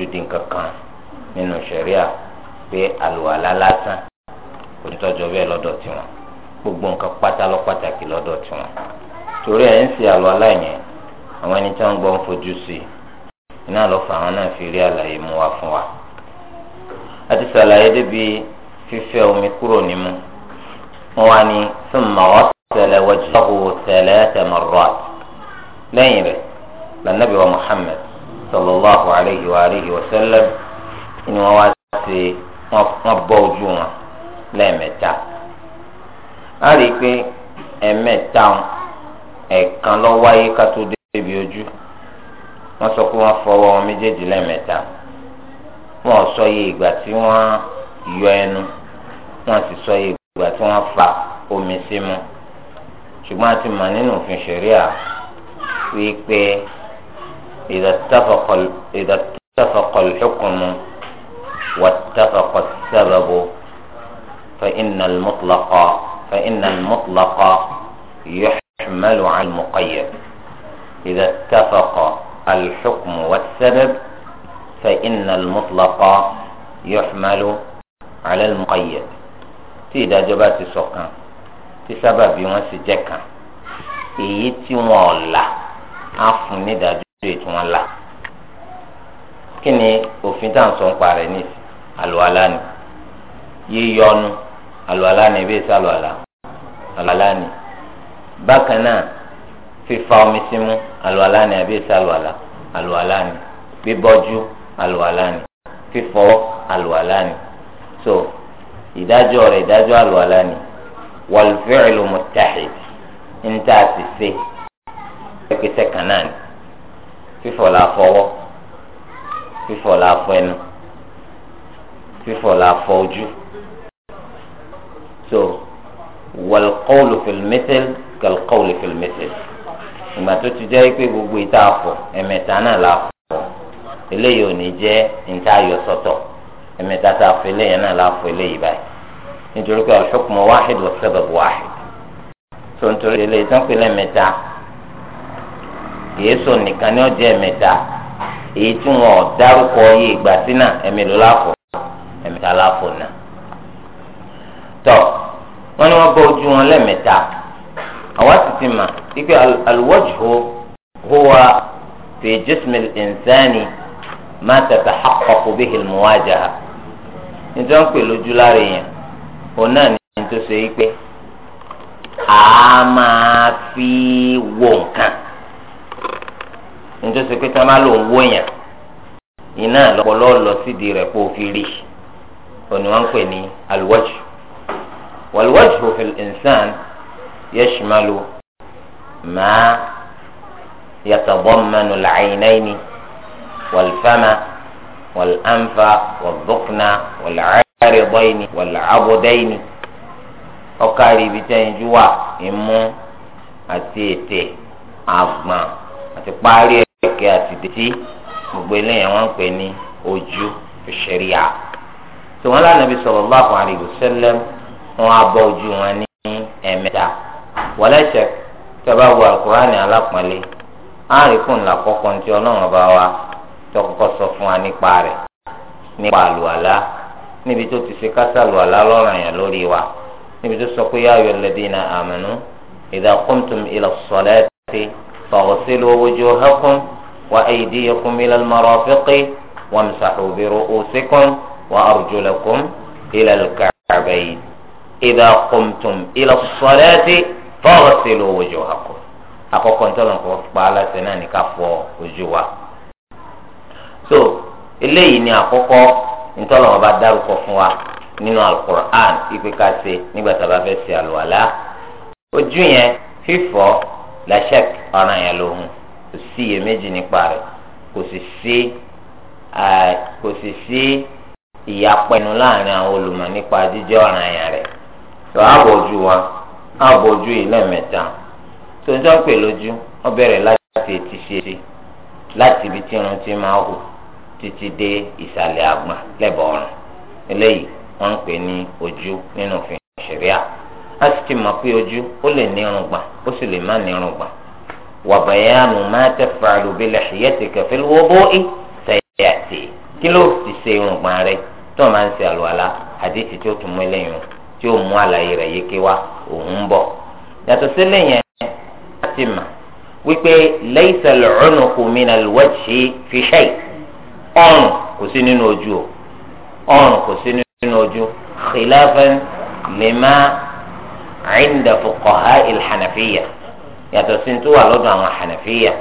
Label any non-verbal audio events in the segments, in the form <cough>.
fojú di nǹkan n'inu nínú ṣẹ̀ríà pé àlùwàlá lásán kò ní tọ́jú ọbẹ̀ lọ́dọ̀ tiwọn gbogbo nǹkan pátá pàtàkì lọ́dọ̀ tiwọn torí ẹ̀ ń ṣe àlùwàlá yẹn àwọn ẹni tí wọ́n gbọ́ ń fojú sí i iná lọ fà náà fi rí àlàyé mu wá fún wa a ti débi fífẹ́ omi kúrò nímú wọn wá ní fún màwọ́ tẹ̀lẹ̀ wọ́jú lọ́hùn tẹ̀mọ̀rọ̀ lẹ́yìn rẹ̀ sallallahu alayhi wa alihi wa sallam ni wọ́n wá ṣe wọ́n bọ́ ojú wọn lẹ́ẹ̀mẹ́ta a rí i pé ẹ̀mẹ́ta ẹ̀ẹ̀kan ló wáyé ká tó débi ojú wọ́n sọ pé wọ́n fọwọ́ wọn méjèèjì lẹ́ẹ̀mẹ́ta wọ́n sọ iye ìgbà tí wọ́n yọ ẹnu wọ́n sì sọ iye ìgbà tí wọ́n fa omi sí mu ṣùgbọ́n a ti mọ̀ nínú òfin ṣẹ̀ríà wípé. إذا اتفق إذا اتفق الحكم واتفق السبب فإن المطلق فإن المطلق يحمل على المقيد إذا اتفق الحكم والسبب فإن المطلق يحمل على المقيد tí ìdájọ́ bá في دجبات السكان في سبب ti إيتي sì jẹ́ kan èyí sí ètò wọn la kí ni òfin tá à ń sọ ń pa rẹ̀ ní àlùwàlá ni yíyọ ọnu àlùwàlá ni ebí èsì àlùwàlá àlùwàlá ni bákan náà fífa omi símú àlùwàlá ni ebí èsì àlùwàlá àlùwàlá ni bíbọ́jú àlùwàlá ni fífọ̀ àlùwàlá ni so ìdájọ́ rẹ̀ ìdájọ́ àlùwàlá ni wal fi'lu muttahid ń tà sí ṣe pẹ́kẹ́sẹ̀ kan ni fífọ̀ la fọwọ́ fífọ̀ la fẹnu fífọ̀ la fọjú so wàlkọ́ọ̀lù fìlmẹ́tẹ́l kàlkọ́ọ̀lù fìlmẹ́tẹ́l ìgbà tó ti jẹ́ pé gbogbo ìta àfọ̀ ẹ̀mẹ̀ta náà la fọ̀ eléyìí ò ní jẹ́ níta ayọ̀ sọ́tọ̀ ẹ̀mẹ̀ta tá a fọ eléyìí náà la fọ eléyìí báyìí nítorí pé al-hukmu wáhid wa sabab wáhid tó eléyìí tó ń pè lẹ́mẹ̀ta kìí sọ nìkan ní ọjọ́ ẹ̀mẹ́ta èyí tí wọn ò dárúkọ yé ìgbà sínà ẹ̀mí ló láfọ̀ ẹ̀mẹ́ta láfọ̀ náà. tọ́ wọ́n ní wọ́n bọ́ ojú wọn lẹ́ẹ̀mẹ́ta àwa sì ti mà wípé alwajhu huwa fi jismi al-insani ma tatahaqqaqu bihi al-muwajaha nítorí wọ́n pè lójú lára èèyàn òun náà ní tó ṣe wípé a máa fi wo nǹkan nítorí sọ pé tá a máa lò ń wó yàn iná lọpọlọ lọ sídìí rẹ̀ kó o fi rí òní wọn ń pè ní alwajhu walwajhu fil insan yashmalu ma yatadammanu al-aynayni wal-fama wal-anfa wal-dhuqna wal-'aridayn wal wà imú àti ètè àgbọ̀n àti parí ẹ̀ kẹ̀kẹ́ àti dèjì gbogbo eléyàn wọ́n ń pè ní ojú ṣẹ̀ríà tí wọ́n lánàá bí sallallahu alaihi wasallam wọ́n á bọ́ ojú wọn ní ẹ̀mẹ́ta wọlé ṣe tẹ́bá wo alukurani alápọ̀nlé àárẹ̀kùn ńlá kọ́kọ́ ní ti ọlọ́run ọba wa tọkọkọ sọ fún wa nípa rẹ̀ nípa àlùwàlá níbi tó ti ṣe kásá àlùwàlá lọ́ràn yẹn lórí wa níbi tó sọ pé yā ayyuhalladhīna āmanū idhā فاغسلوا وجوهكم وأيديكم إلى المرافق وامسحوا برؤوسكم وأرجلكم إلى الكعبين إذا قمتم إلى الصلاة فاغسلوا وجوهكم àkọ́kọ́ ntọ́nà kò pa aláṣẹ náà ní ká fọ ojú wa so eléyìí ni àkọ́kọ́ ntọ́nà wọn bá dárúkọ fún wa nínú alukur'an ipe ká ṣe nígbà tá a bá fẹ́ ṣe àlùwàlá ojú yẹn fífọ̀ làṣẹk ọ̀ràn yẹn lòun kò sí iyèméjì nípa rẹ̀ kò sì sí kò sì sí ìyapẹnu láàrin àwọn olùmọ̀ nípa jíjẹ́ ọ̀ràn yẹn rẹ̀ tó àbòjú wa àbòjú ìlẹ́mẹ̀ta tó ń jọ́ lójú wọ́n bẹ̀rẹ̀ láti etí ṣe láti ibi tí irun ti máa hù títí dé ìsàlẹ̀ àgbọ̀n lẹ́bọ̀ọ́rùn eléyìí wọ́n ń pè ní ojú nínú òfin a sì ti mọ̀ pé ojú ó lè ní irun gbà ó sì lè má ní irun gbà wa bayanu ma taf'alu bi lihiyatika fil wudu'i sayati kí ló ti ṣe irun gbà rẹ tó máa ń ṣe àlùwàlá àdìsí tó tún mú eléyìí tí ó mú àlàyé rẹ̀ yéké wá òun ń bọ̀ yàtọ̀ sílẹ̀ yẹn a mà wípé laysa al-unuqu mina al-wajhi fi shay ọrùn kò sí nínú ojú o kò sí nínú ojú khilafan lima inda fuqaha al-hanafiya yàtọ̀ sí tó wà lọ́dọ̀ àwọn hanafiya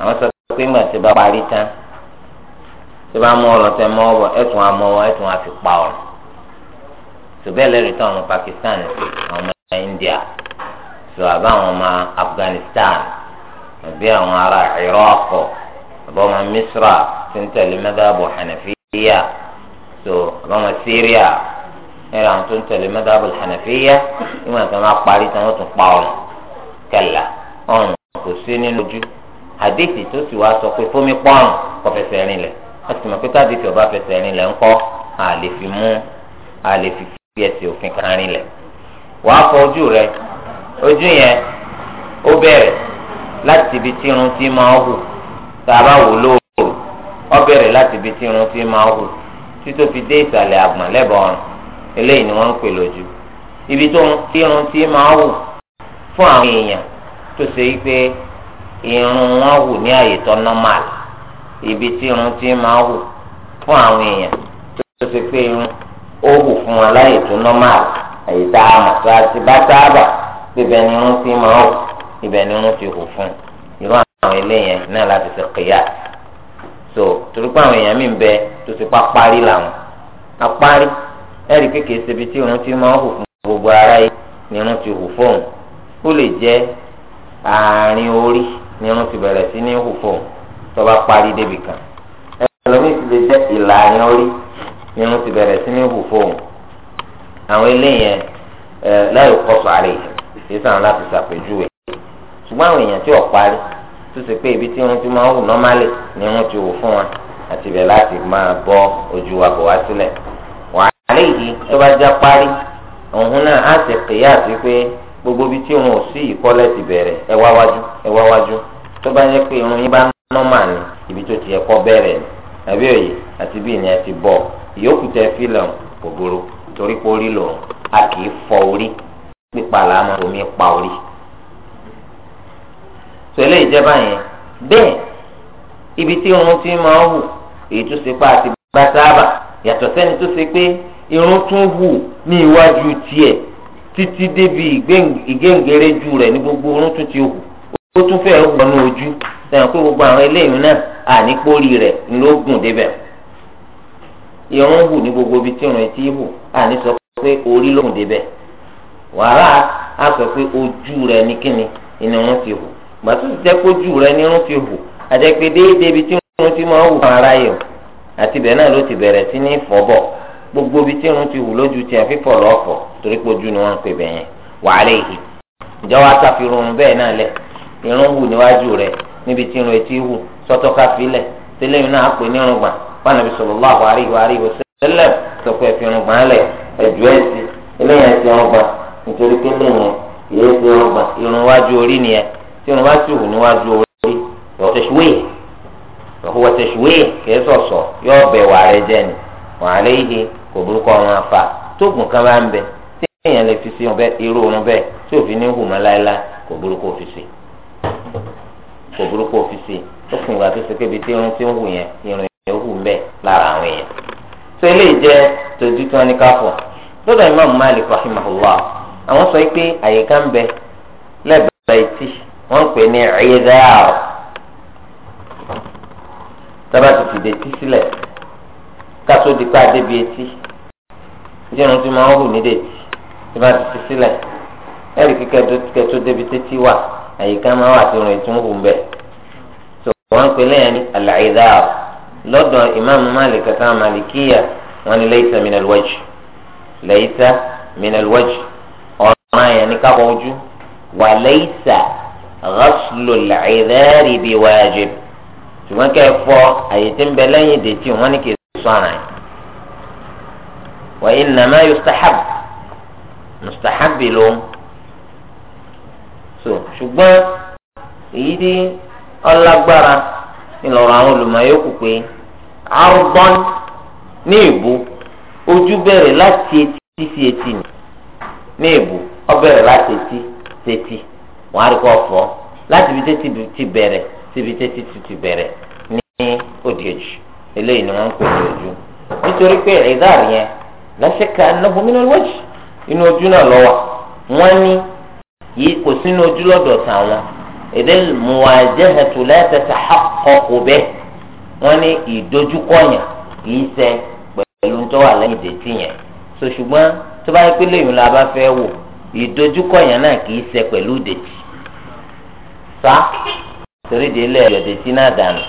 àwọn sọ pé mà ti bá parí tán tí bá mú ọ̀rọ̀ tẹ mọ ọ̀rọ̀ ẹtùn amọwọ ẹtùn àfi pa ọ̀rọ̀ tòbẹ́ lẹ́rìí tó àwọn Pakistan àwọn ọmọ India tó àbá àwọn ọmọ Afghanistan àbí àwọn ará Iraq àbá ọmọ Misra tó ń tẹ̀lé madhabu hanafiya tó àbá ọmọ Syria ẹ̀rọ àwọn tó ń tẹ̀lé madhabul hànàfíyà ìwọ̀n àti àwọn apárí tí wọ́n tún pa ọ̀rùn kẹlà ọ̀rùn kò sí nínú ojú àdéhì tó sì wá sọ pé fómi pọ́ọ̀rùn kò fẹsẹ̀ rin lẹ̀ wọ́n ti mọ̀ pé káàdéhì ọba fẹsẹ̀ rin lẹ̀ ńkọ́ àlè fi mú àlè fi fi ẹsẹ̀ òfin kan rin lẹ̀ wàá fọ ojú rẹ ojú yẹn ó bẹ̀rẹ̀ láti ibi tí irun ti máa hù tá a bá wò lóòrò ó bẹ̀rẹ̀ láti ibi tí irun ti máa hù tító fi dé ìsàlẹ̀ àgbọ̀n lẹ́bọ̀ọ́rùn eléyìí ni wọ́n ń pè lójú ibi tó irun tí máa wù fún àwọn èèyàn tó ṣe pé irun wọn wù ní àyè tó normal ibi tí irun tí máa wù fún àwọn èèyàn tó ṣe pé irun ó wù fún wọn láyè tó normal àyè tá a mọ̀ tó a ti bá sábà ibẹ̀ ni irun tí máa wù ibẹ̀ ni irun ti hù fún irú àwọn eléyẹn náà láti ṣe kìyà so torí pé àwọn èèyàn mi ń bẹ tó ti pa parí làwọn apárí ẹ̀rí kékeré ṣe ibi tí irun ti máa ń hù fún gbogbo ara yìí ni irun ti hù fóun ó lè jẹ́ àárín orí ni irun ti bẹ̀rẹ̀ sí ní hù fóun tó bá parí débi kan ẹlòmíì ti lè jẹ́ ìlàrin orí ni irun ti bẹ̀rẹ̀ sí ní hù fóun àwọn eléyẹn ẹ láì kọ́sọ̀ àrè yìí sàn láti ṣàpèjúwe ṣùgbọ́n àwọn èèyàn tí ò parí tó ṣe pé ibi tí irun ti máa hù nọ́málì ni irun ti hù fún wa àti láti máa bọ́ ojú wa bọ̀ wá sílẹ̀. àléyìí tó bá já parí òun náà á sì gbogbo ibi tí òun ò sí ìkọ́lẹ̀ ti bẹ̀rẹ̀ ẹ wá wájú ẹ wá wájú tó bá yẹ pé irun ibi tó ti yẹ kọ́ bẹ̀rẹ̀ ni àbí òye àti bí ìyẹn ti bọ̀ ìyókù tẹ fílẹ̀m torí pé orí lòun a kì fọ orí pípa làámọ̀ omi pa orí. sọlẹ́ ìjẹba irun tún hù ní iwájú tiẹ̀ títí débi ìgéǹgéréjú rẹ̀ ní gbogbo irun tún ti hù ó tún fẹ́ wọnú ojú sẹ́yìn pé gbogbo àwọn eléyìí náà àníkpórí rẹ̀ ló gùn débẹ̀ irun hù ní gbogbo ibi tí irun etí hù àní sọ pé orí ló gùn débẹ̀ wàhálà á sọ pé ojú rẹ̀ ní kíni ìnirun ti hù gbàtú ti jẹ́ pé ojú rẹ̀ ní irun ti hù àjẹpé déédéé ibi tí irun ti máa hù fún ara yìí àti bẹ́ẹ̀ náà ló ti bẹ̀rẹ̀ sí ní fọ́bọ̀ gbogbo ibi tí irun ti wù lójú tiẹ̀ fífọ̀ lọ́fọ̀ torí pé ojú ni wọ́n ń pè bẹ́ẹ̀ yẹn wàhálà èyí ǹjẹ́ wàá sàfihàn bẹ́ẹ̀ náà lẹ̀ irun wù níwájú rẹ̀ níbi tí irun etí wù sọ́tọ́ káfílẹ̀ tẹ́lẹ̀yìn náà pè ní irun gbà pàànàbí sallallahu alaihi wa alihi wasallam sọ pé ẹ̀fìn irun gbà lẹ̀ ẹ̀jú ẹ̀sìn eléyàn ẹ̀sìn irun wọn àlẹ́ yìí kò burúkọ wọn afa tóògùn kan bá ń bẹ tí èèyàn lè fi sí irú oorun bẹ́ẹ̀ tí òfin ní hùmọ́ láéláé kò burúkọ fi sí kò burúkọ fi ó fún tó ṣe tí irun ti ń hù yẹn irun yẹn hù ń bẹ lára àwọn èèyàn. tó ilé tí ní ká àwọn sọ pé àyíká ń bẹ etí ń kátó di pé adébi etí ìdí irun tí máa ń hù nídìí tí bá ti fi sílẹ̀ ẹ̀rí kíkẹ́ kẹtó débi títí wà àyíká máa wà tó rìn tó ń hù ń bẹ̀. tó wọ́n ń pè lẹ́yìn ní àlàyédá lọ́dọ̀ ìmáàmù máàlì kàtà màlìkíyà wọn ni laysa minal wajh laysa minal wajh ọ̀rọ̀ àyàn ní kápọ̀ ojú wà laysa ghaslul idhari biwajib ṣùgbọ́n kẹ́ ẹ fọ àyè tí ń bẹ lẹ́yìn dètí wọn ni kì í sọ̀ràn yìí wa innama yustahab ṣùgbọ́n èyí gbara ọlágbára ńlọrọ̀ àwọn olùmọ̀ọ́yọ́kù pé arúgbọ́n ní ìbú ojú bẹ̀rẹ̀ láti etí sí etí ni ní ìbú ọ láti etí sí etí wọ́n á rí kọ́ fọ́ láti ti bẹ̀rẹ̀ síbi tẹ́tí ti eléyìí ni wọ́n ń pè ní ojú nítorí pé ìdáàrí yẹn lọ́sẹ̀ka ẹnáwó mi lọ́wọ́ jù inú ojú náà lọ́wọ́ wọ́n ní yìí kò sínú ojú lọ́dọ̀ tàwọn èdè muwajahatu la tatahaqqaqu bih wọ́n ní ìdojúkọ̀yàn kì í ṣe pẹ̀lú tó wà lẹ́yìn ìdètí yẹn so ṣùgbọ́n tó bá yẹ pé lẹ́yìn la bá fẹ́ wò ìdojúkọ̀yàn náà kì í ṣe pẹ̀lú sa torí délé ẹ̀yọ̀dètí náà dànù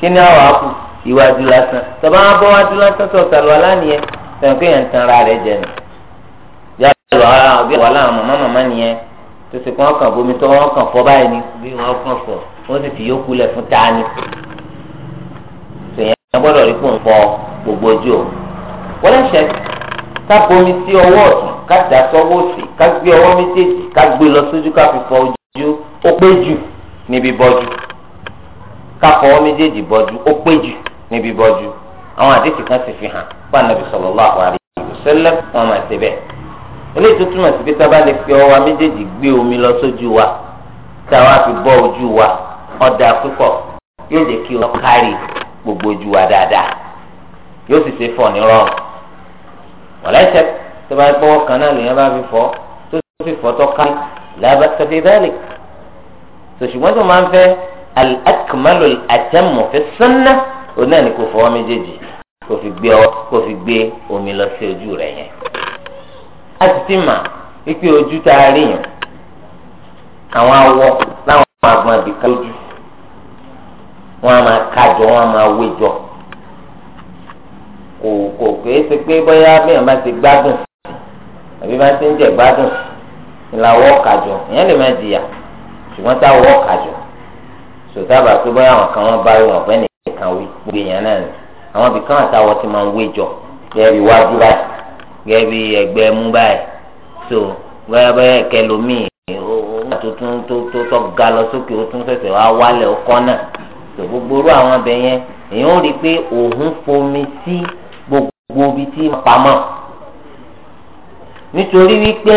kí ni àwọn àkùn iwájú lásán tọba wọn bọ wájú lásán tó sàlù aláníyẹ sẹyìn pé yẹn ń tan ara rẹ jẹ nù yá lọ ara àwọn bí wàhálà àwọn màmá màmá nìyẹn tó sì kọ́ ọkàn bomi tó wọn kàn fọ báyìí ni bí wọn kàn fọ wọn sì fi yókù lẹ fún tání sèyàn gbọ́dọ̀ rí fún fọ gbogbo ojú o wọ́n lẹ́sẹ̀ ká bomi sí ọwọ́ ọ̀tún ká dà sọ́wọ́ sí ká gbé ọwọ́ méjèèjì ká gbé lọ sójú ká fi fọ ojú ó pé jù níbi bọ́jú ká méjèèjì bọ́jú ó pé jù níbi bọ́jú àwọn àdéhùn kan sì fi hàn fún anabi sallallahu alaihi wasallam wọn máa ṣe bẹ́ẹ̀ eléyìí tó túmọ̀ sí pé tá a bá lè fi ọwọ́ wa méjèèjì gbé omi lọ sójú wa tá a wá fi bọ́ ojú wa ọ̀dà púpọ̀ yóò jẹ́ kí wọ́n kárí gbogbo ojú wa dáadáa yóò sì ṣe fọ̀ ní wọ̀lẹ́sẹ̀ tó bá gbọ́wọ́ kan náà lèèyàn bá fi fọ̀ tó fi fọ̀ tó kárí làbá tẹ̀lé o náà ní kò fọwọ́ méjèèjì kò fi gbé ọ kò fi gbé omi lọ sí ojú rẹ yẹn a sì ti mà wípé ojú tá a rí yẹn àwọn awọ láwọn agbọn àbíká lójú wọn a máa kájọ wọn a máa wéjọ kò kò kìí ṣe pé bóyá bẹ́ẹ̀ máa ti gbádùn àbí máa ti ń jẹ gbádùn ìlàwọ́ kájọ ìyẹn lè má jìyà ṣùgbọ́n táwọ́ kájọ sòtábà tó bóyá àwọn kan wọn bá rí wọn fẹ́ nìkan wí gbogbo èèyàn náà ni àwọn ibìkan àtàwọn ti máa ń wéjọ gẹ́gẹ́ bí iwájú báyìí gẹ́gẹ́ bí ẹgbẹ́ mú báyìí so bẹ́ẹ̀ kẹlòmíì ó tó tún tó tó tó ga lọ sókè ó tún fẹsẹ̀ wá wálẹ̀ ó kọ́ náà so gbogbo orú àwọn abẹ yẹn èèyàn ó rí i pé òun fomi sí gbogbo ibi tí pamọ́ nítorí wípé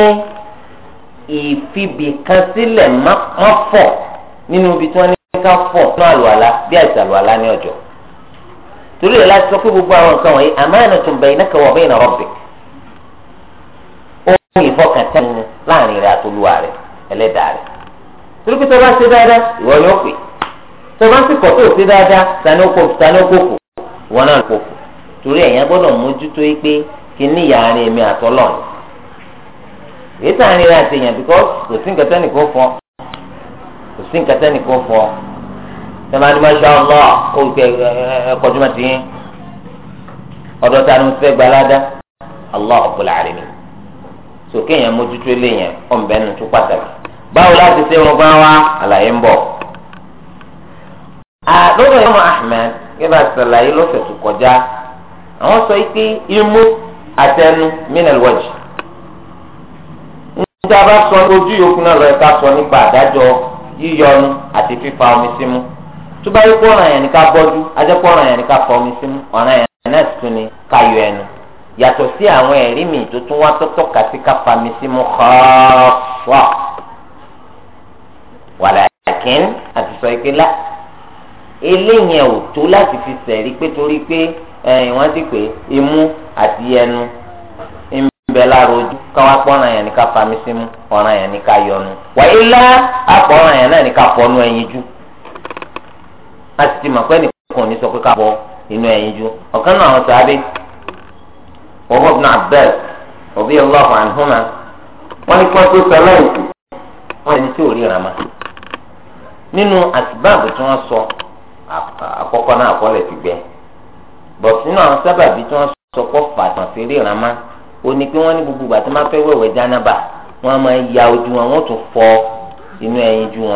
ìfibìkan sílẹ̀ má fọ̀ nínú ibi tí wọ́n ní ká fọ̀ náà lọ́la bí àìsàn lọ́la ní ọjọ́ torí ẹ̀ láti sọ pé gbogbo àwọn nǹkan wọ̀nyí amanatun baynaka wa bayna rabbik ohun ìfọkàntán ni láàrin rẹ̀ àtolúwa rẹ̀ ẹlẹ́dàá rẹ̀ torí pé tọ́ba ṣe dáadáa ìwọ ni ó pè tọ́ba sì kọ́ tó ṣe dáadáa tani ó kófù tani ó kófù ìwọ náà kófù torí ẹ̀yàn gbọ́dọ̀ mójútó yìí pé kí ní ìyá àárín èmi àtọ́lọ̀ ni èyí tààrin rẹ̀ àti èèyàn bíkọ́ kò sí nǹkan tẹ́nìkan sẹ́mi àni masha allah olùkọ́ ẹ̀kọ́júmọ́ ti yín ọ̀dọ́ ta ni mo fẹ́ gba aládá allah ọ̀pọ̀lọ̀ àrẹ̀mí sókè yẹn mójútó lé yẹn ọ̀nbẹ́ nu tó pàtàkì báwo láti ṣe wọn bá wa àlàyé ń bọ̀. àlọ́dọ̀ yẹn mọ ahmed gẹ́gẹ́ bá ṣàlàyé lọ́sẹ̀ tó kọjá àwọn sọ pé imú àtẹnu minal wajh níta bá sọ ojú yòókù náà lọ ẹ̀ka sọ nípa àdájọ yíyọnu àti fífa omi símú tó bá yẹ kó ọ̀ràn yẹn ní ká bọ́jú ajẹ́pọ̀ ọ̀ràn yẹn ní ká fọmi sínú ọ̀ràn yẹn náà tún ni ká yọ ẹnu yàtọ̀ sí àwọn ẹ̀rí mi tó tún wá tọ́tọ́ kà sí ká fami símú xọ́ọ́fọ́ wàlàkín àti sọ ike la eléyìn ò tó láti fi sẹ̀rí pé torí pé wọ́n ti pè imú àti ẹnu bẹ lára ojú káwá pọ́nrán yẹn ní ká fami símú ọ̀ràn yẹn ní ká yọnu wàyí lá àpọ̀ràn yẹn náà ní ká fọnú ẹyin jù. a ti mọ̀ pé nìkan ò ní sọ pé ká bọ inú ẹ̀yìn ju ọ̀kan náà àwọn sàábé ọwọ́ ibn Abbas radiyallahu anhuma wọ́n ní kí wọ́n wọ́n ẹni tí ò ríra ma nínú àtibáàbù tí wọ́n sọ àkọ́kọ́ náà àkọọ́lẹ̀ ti gbẹ bọ̀t nínú àwọn sábàbí tí wọ́n sọ ya ojú wọn wọ́n tún fọ inú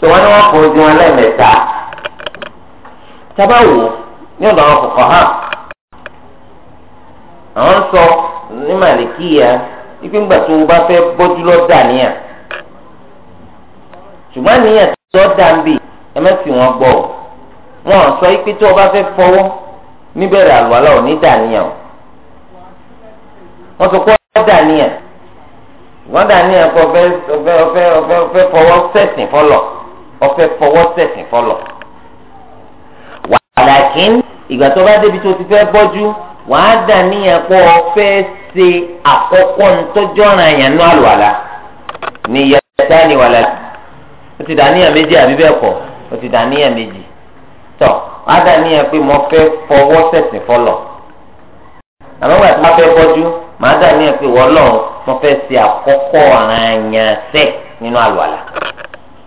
sọ wọn ni wọn kò ojú wọn lẹ́ẹ̀mẹ́ta tábà wò ní ọ̀dọ̀ àwọn kọ̀kọ̀ hàn àwọn sọ ní màlìkíyà ipe ńgbà tó o bá fẹ́ bọ́jú lọ́dà níyà ṣùgbọ́n níyà tó dà ń bì ẹ má fi wọn gbọ́ wọn sọ ipe tó o bá fẹ́ fọwọ́ níbẹ̀rẹ̀ àlùwalá ò ní dà níyà o wọ́n sọ pé wọ́n dà níyà wọ́n dà níyà kó o fẹ́ fọwọ́ sẹ̀sìn fọlọ́ ọfẹ fọwọ́ sẹ̀sìn fọlọ̀ wàlákìn ìgbà tó bá débi tó ti fẹ́ bọ́jú wàá dà níyàn pọ̀ ọfẹ́ ṣe àkọ́kọ́ ntọ́jọ́ràn àyàn náà lọ́la níyà dání wàlá ó ti dà níyàn méjì àbí bẹ́ẹ̀ kọ́ ó ti dà níyàn méjì tọ́ wàá dà níyàn pé mo fẹ́ fọwọ́ sẹ̀sìn fọlọ̀ àmọ́ gbà tí wọ́n fẹ́ bọ́jú màá dà níyàn pé wọ́n lọ́run mo fẹ́ ṣe àkọ́kọ́ ọ̀ràn àyàn sẹ́ nínú àlùwàlà.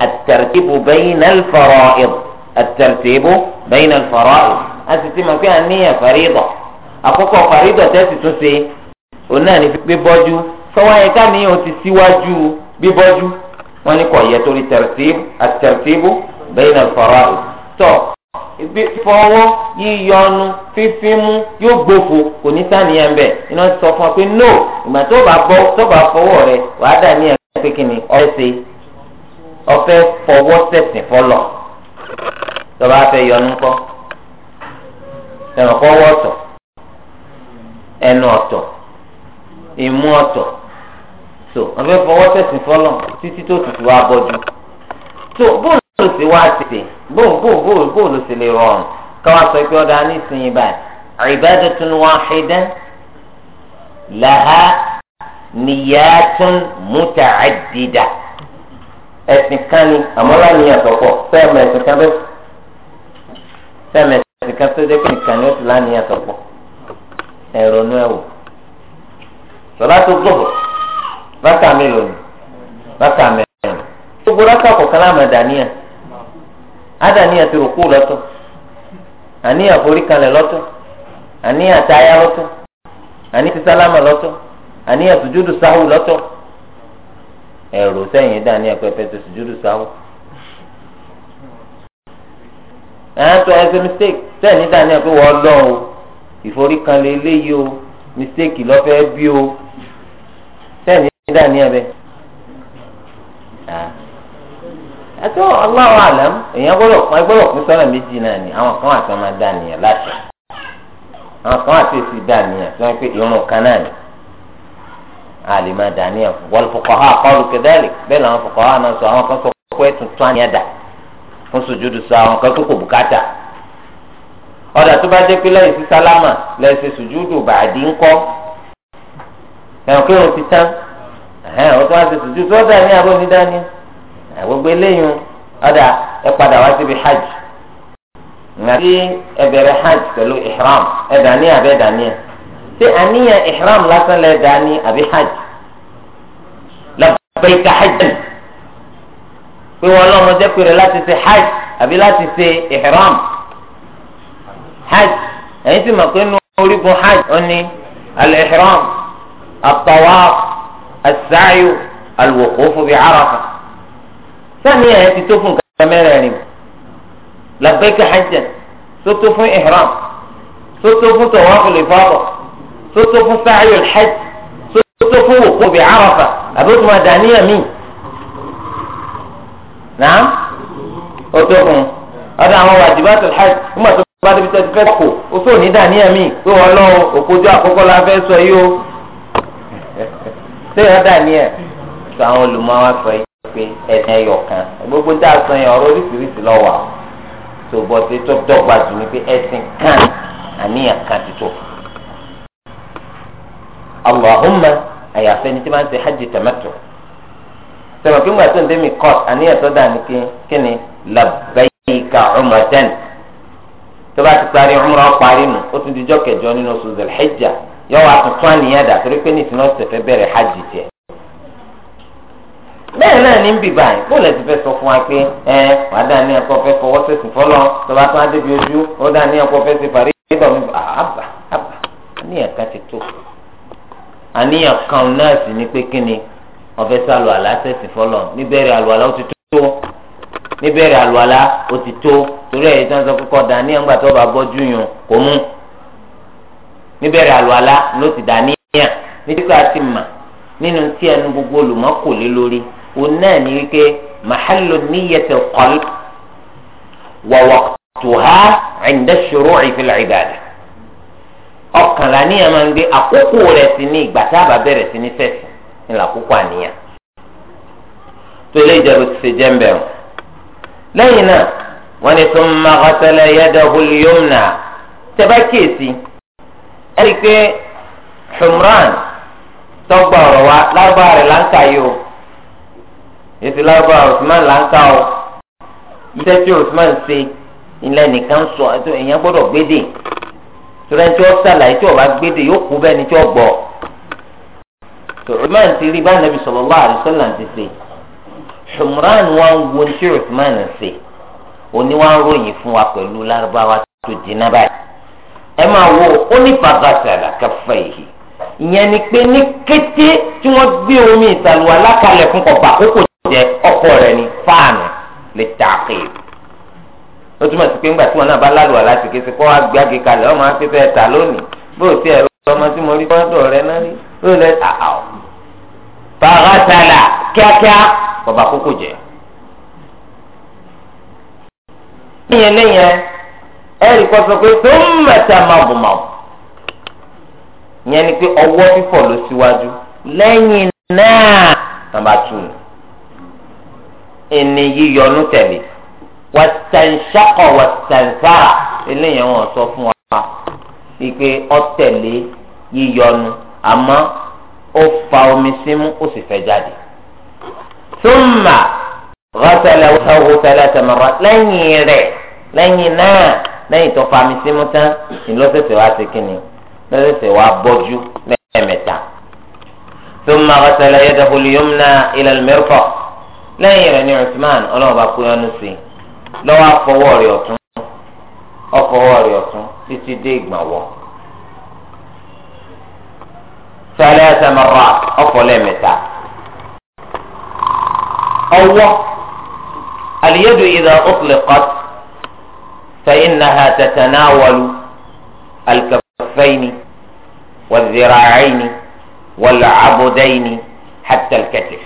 at-tartibu bayna al-fara'id at-tartibu bayna al-fara'id a sì ti mọ̀ pé àníyàn fàrídà àkọ́kọ́ fàrídà tẹ́sí tún ṣe òun náà ní pípé bọ́jú sọ́wọ́ yẹn káníyàn ti síwájú bíbọ́jú wọ́n ní kọ̀ yẹ torí tartibu at-tartibu bayna al-fara'id tọ́ ibi fọwọ́ yíyọnu fífímú yóò gbófo kò ní sàníyàn bẹ́ẹ̀ iná sọ fún ọ pé no ìgbà tó bá bọ́ tó bá fọwọ́ rẹ wàá dà níyàn pé kíni ọ̀rẹ́ ṣe ọfẹ fọwọ́ sẹsìn fọlọ tọba afẹ yọnu kọ ẹnu fọwọ́ ọ̀tọ̀ ẹnu ọ̀tọ̀ ìmú ọ̀tọ̀ so ọfẹ fọwọ́ sẹsìn fọlọ títí tó tutù wá bọjú so bóòlù ló sì wá tètè bóòlù bóòlù bóòlù sì lè rọrùn káwá sọ pé ọdọ anísìnyí báyìí ibadatun wahidah laha niyatun muta'addidah ẹ̀sìn kan ni àmọ́ láníyàn tọ̀pọ̀ fẹ́ẹ̀mù ẹ̀sìn kan bẹ́ẹ̀ fẹ́ẹ̀mù ẹ̀sìn kan tó dé pé nìkan ni ó ti láníyàn tọ̀pọ̀ ẹ̀rọ̀nú ẹ̀wò sọlá tó gbòòrò rákà mélòó ni rákà mẹ́rin gbogbo rákà kọ̀ọ̀kan láàmú àdàníyàn àdàníyàn ti rùkú lọ́tọ̀ àníyàn forí kanlẹ̀ lọ́tọ̀ àníyàn táyà lọ́tọ̀ àníyàn tísálámà lọ́tọ̀ àníyàn sùjúdù sáhù lọ́tọ̀ ẹ̀rọ sẹ́yìn dání ẹ̀pẹ̀pẹ̀ tó sùjúdù sáwọ́. ẹ̀hán tó ẹsẹ̀ mistake sẹ́yìn dání ẹ̀pẹ̀ wọ́n lọ o ìforíkanlẹ̀ eléyìí o mistake lọ́fẹ́ bí o sẹ́yìn dání ẹ̀bẹ̀. ẹ̀tọ́ ọlọ́wọ́ àlám èèyàn gbọ́dọ̀ wọ́n gbọ́dọ̀ pín sọ́nà méjì náà ni àwọn kan àti ọmọ dání ẹ̀ láṣà àwọn kan àti èsì dání ẹ̀ sọ pé irun alima máa dà ní ẹ̀fọ́ wọ́n fuqaha qalu kadhalik bẹ́ẹ̀ làwọn fuqaha náà sọ àwọn tuntun àníyà dà fún sùjúdù sọ àwọn kan tó kò bùkátà tó bá jẹ́ pé lẹ́yìn sí sálámà gbogbo hajj e hajj ihram e ṣé àníyàn ihram lásán lẹ dá ní àbí hajj labbaika hajjan pé wọn lọ́mọ jẹ́ pèrè láti ṣe hajj àbí láti ṣe ihram hajj ẹ̀yin ti mọ̀ pé nínú orígun hajj ó ní al-ihram at-tawaf as-sa'yu al-wuqufu bi Arafa sani ẹ̀ ti tó fún kàmẹ́rẹ́ rìn labbaika hajjan tó tó fún ihram tó tó fún tawaf al-ifada tó tó fún sáyọ hajj tó tó fún òkú òbí àràfà àbí òtún máa dàníyàn mí. nàá ó tó fún ọdọ àwọn wàjibátù hajj nígbà tó bá débi tẹ́tí fẹ́ kó o tó ní dàníyàn mí pé wọ́n lọ òkójú àkọ́kọ́ la fẹ́ sọ yìí o ṣé wọ́n dàníyàn sọ àwọn olùmọ̀ wa sọ yìí pé ẹ̀sìn ẹ̀yọ̀ kan gbogbo dáa sọ yẹn ọ̀rọ̀ oríṣiríṣi lọ́wọ́ àwọn tòbọ̀ tí tó dọ́gba jù ní pé ẹ̀sìn kan àníyàn kan ti tó fún. Allahumma àyàfẹ́ ni tí wọ́n ti hajj tamattu sọ̀rọ̀ kí ngbà tó ń démi kọ́t àníyàn tó dà ní kíni labbaika umratan tó bá ti parí umra parí nù ó tún dijọ́ kẹjọ nínú oṣù Dhul-Hijjah yóò wá tuntun àníyàn dà torí pé nìtìlọ́ sẹ̀fẹ̀ bẹ̀rẹ̀ hajj tiẹ̀ bẹ́ẹ̀ náà ní bí báyìí kó lè ti fẹ́ sọ fún wa pé ẹ wàá dá ní ẹ̀kọ́ fẹ́ fọwọ́ sẹ̀sì fọlọ́ tọba tó adébi ojú ó dá ní ẹ̀kọ́ fẹ́ sẹ fàrí ìtọ́ àníyàn kan náà sì ni pé kíni ọ̀fẹ́ sálọ àlásẹ̀ sí fọlọ̀ níbẹ̀rẹ̀ àlùwàlá ó ti tó níbẹ̀rẹ̀ àlùwàlá ó ti tó torí ẹ̀yẹ tí wọ́n sọ kókó dàníyàn gbà tó bá bọ́jú yùn kò mú níbẹ̀rẹ̀ àlùwàlá ló ti dàníyàn nítorí àti mà nínú tí ẹnu gbogbo olùmọ́ lé lórí òun náà ní wípé màhálò níyẹtẹ̀ kọ́l wọ̀wọ̀ tùhá ẹ̀ńdẹ́ ṣòro ìfìlà ìbàdàn ọkàn làníyàn máa ń gbé àkókò rẹ̀ sí ní ìgbà tá a bá bẹ̀rẹ̀ sí ní sẹ́sì ní làkókò àníyàn tó ilé ìjẹ́bù ti ṣe jẹ́ńbẹ̀ o lẹ́yìn náà wọ́n ní tó ń ma ọ̀sẹ̀lẹ̀ yẹ́dọ̀hùn yomna tẹ́ bá kíyèsí ẹ rí i pé Humran tọ́gbà ọ̀rọ̀ wa rẹ̀ láǹkà yìí o láǹkà torí ẹni tí wọ́n sàlàyé tí wọ́n bá gbédè yóò kú bẹ́ẹ̀ ni tí wọ́n gbọ́. Uthman ti rí bá nàbì sallallahu alaihi wasallam ti ṣe Humran wọn ń wo tí Uthman ṣe òní wọn ròyìn fún wa pẹ̀lú lárúbáwá tó jiná báyìí. ẹ máa wo ó ní fagasala kafa yìí ìyẹn ni pé ní kété tí wọ́n gbé omi ìsàlùwà lákàlẹ̀ fún kọ̀ọ̀bà àkókò jẹ ọkọ rẹ̀ ní fáànù lè tààkì ó túmọ̀ sí pé ńgbà tí wọn náà bá lálùwà láti ké sí kó wá gbé àgé kalẹ̀ ọmọ á pépé ẹ̀ta lónìí bó o ti ẹ̀ ọmọ tí mo rí fọ́dọ̀ rẹ náà rí ló lẹ àhàó. fàràtàlà kíákíá bàbá kókò jẹ. níyẹn níyẹn ẹ̀rì kọ́ sọ pé tó ń mẹ̀ta màbùmàbù. ìyẹn ni pé ọwọ́ fífọ̀ ló síwájú lẹ́yìn náà nàbàtú ẹni yíyọnú tẹ̀lé wàtẹ̀nsákọ̀ wàtẹ̀nsára eléyìí wọn sọ fún wa wípé ọ̀tẹ̀lé yíyọnu àmọ́ ó fa omi símú ó sì fẹ́ jáde. súnmà rọ́tẹ̀lẹ̀ wọ́tẹ̀wọ́ tẹ̀lẹ̀ tẹ̀mọ̀rọ̀ lẹ́yìn rẹ̀ lẹ́yìn náà lẹ́yìn tó fa omi símú tán ìlọ́sẹ̀sẹ̀ wa ti kíni lọ́sẹ̀sẹ̀ wa bọ́jú lẹ́ẹ̀mẹ́ta. súnmà rọ́tẹ̀lẹ̀ yẹ́dẹ̀kùlù yómìnà ilẹ̀ lẹ́yìn rẹ̀ ni Usman ọlọ́run bá kú yọnu sí i. lọ́wọ́ afọwọ́ rẹ̀ ọ̀tún ọfọwọ́ rẹ̀ ọ̀tún títí dé ìgbàwọ́ sọlẹ́ ẹsẹ̀ máa wà ọkọ̀ lẹ́mẹ̀ta ọwọ́ àlìyédò ìdá ọ̀túnlẹ̀kọ́t فإنها تتناول الكفين والذراعين والعبدين حتى الكتف.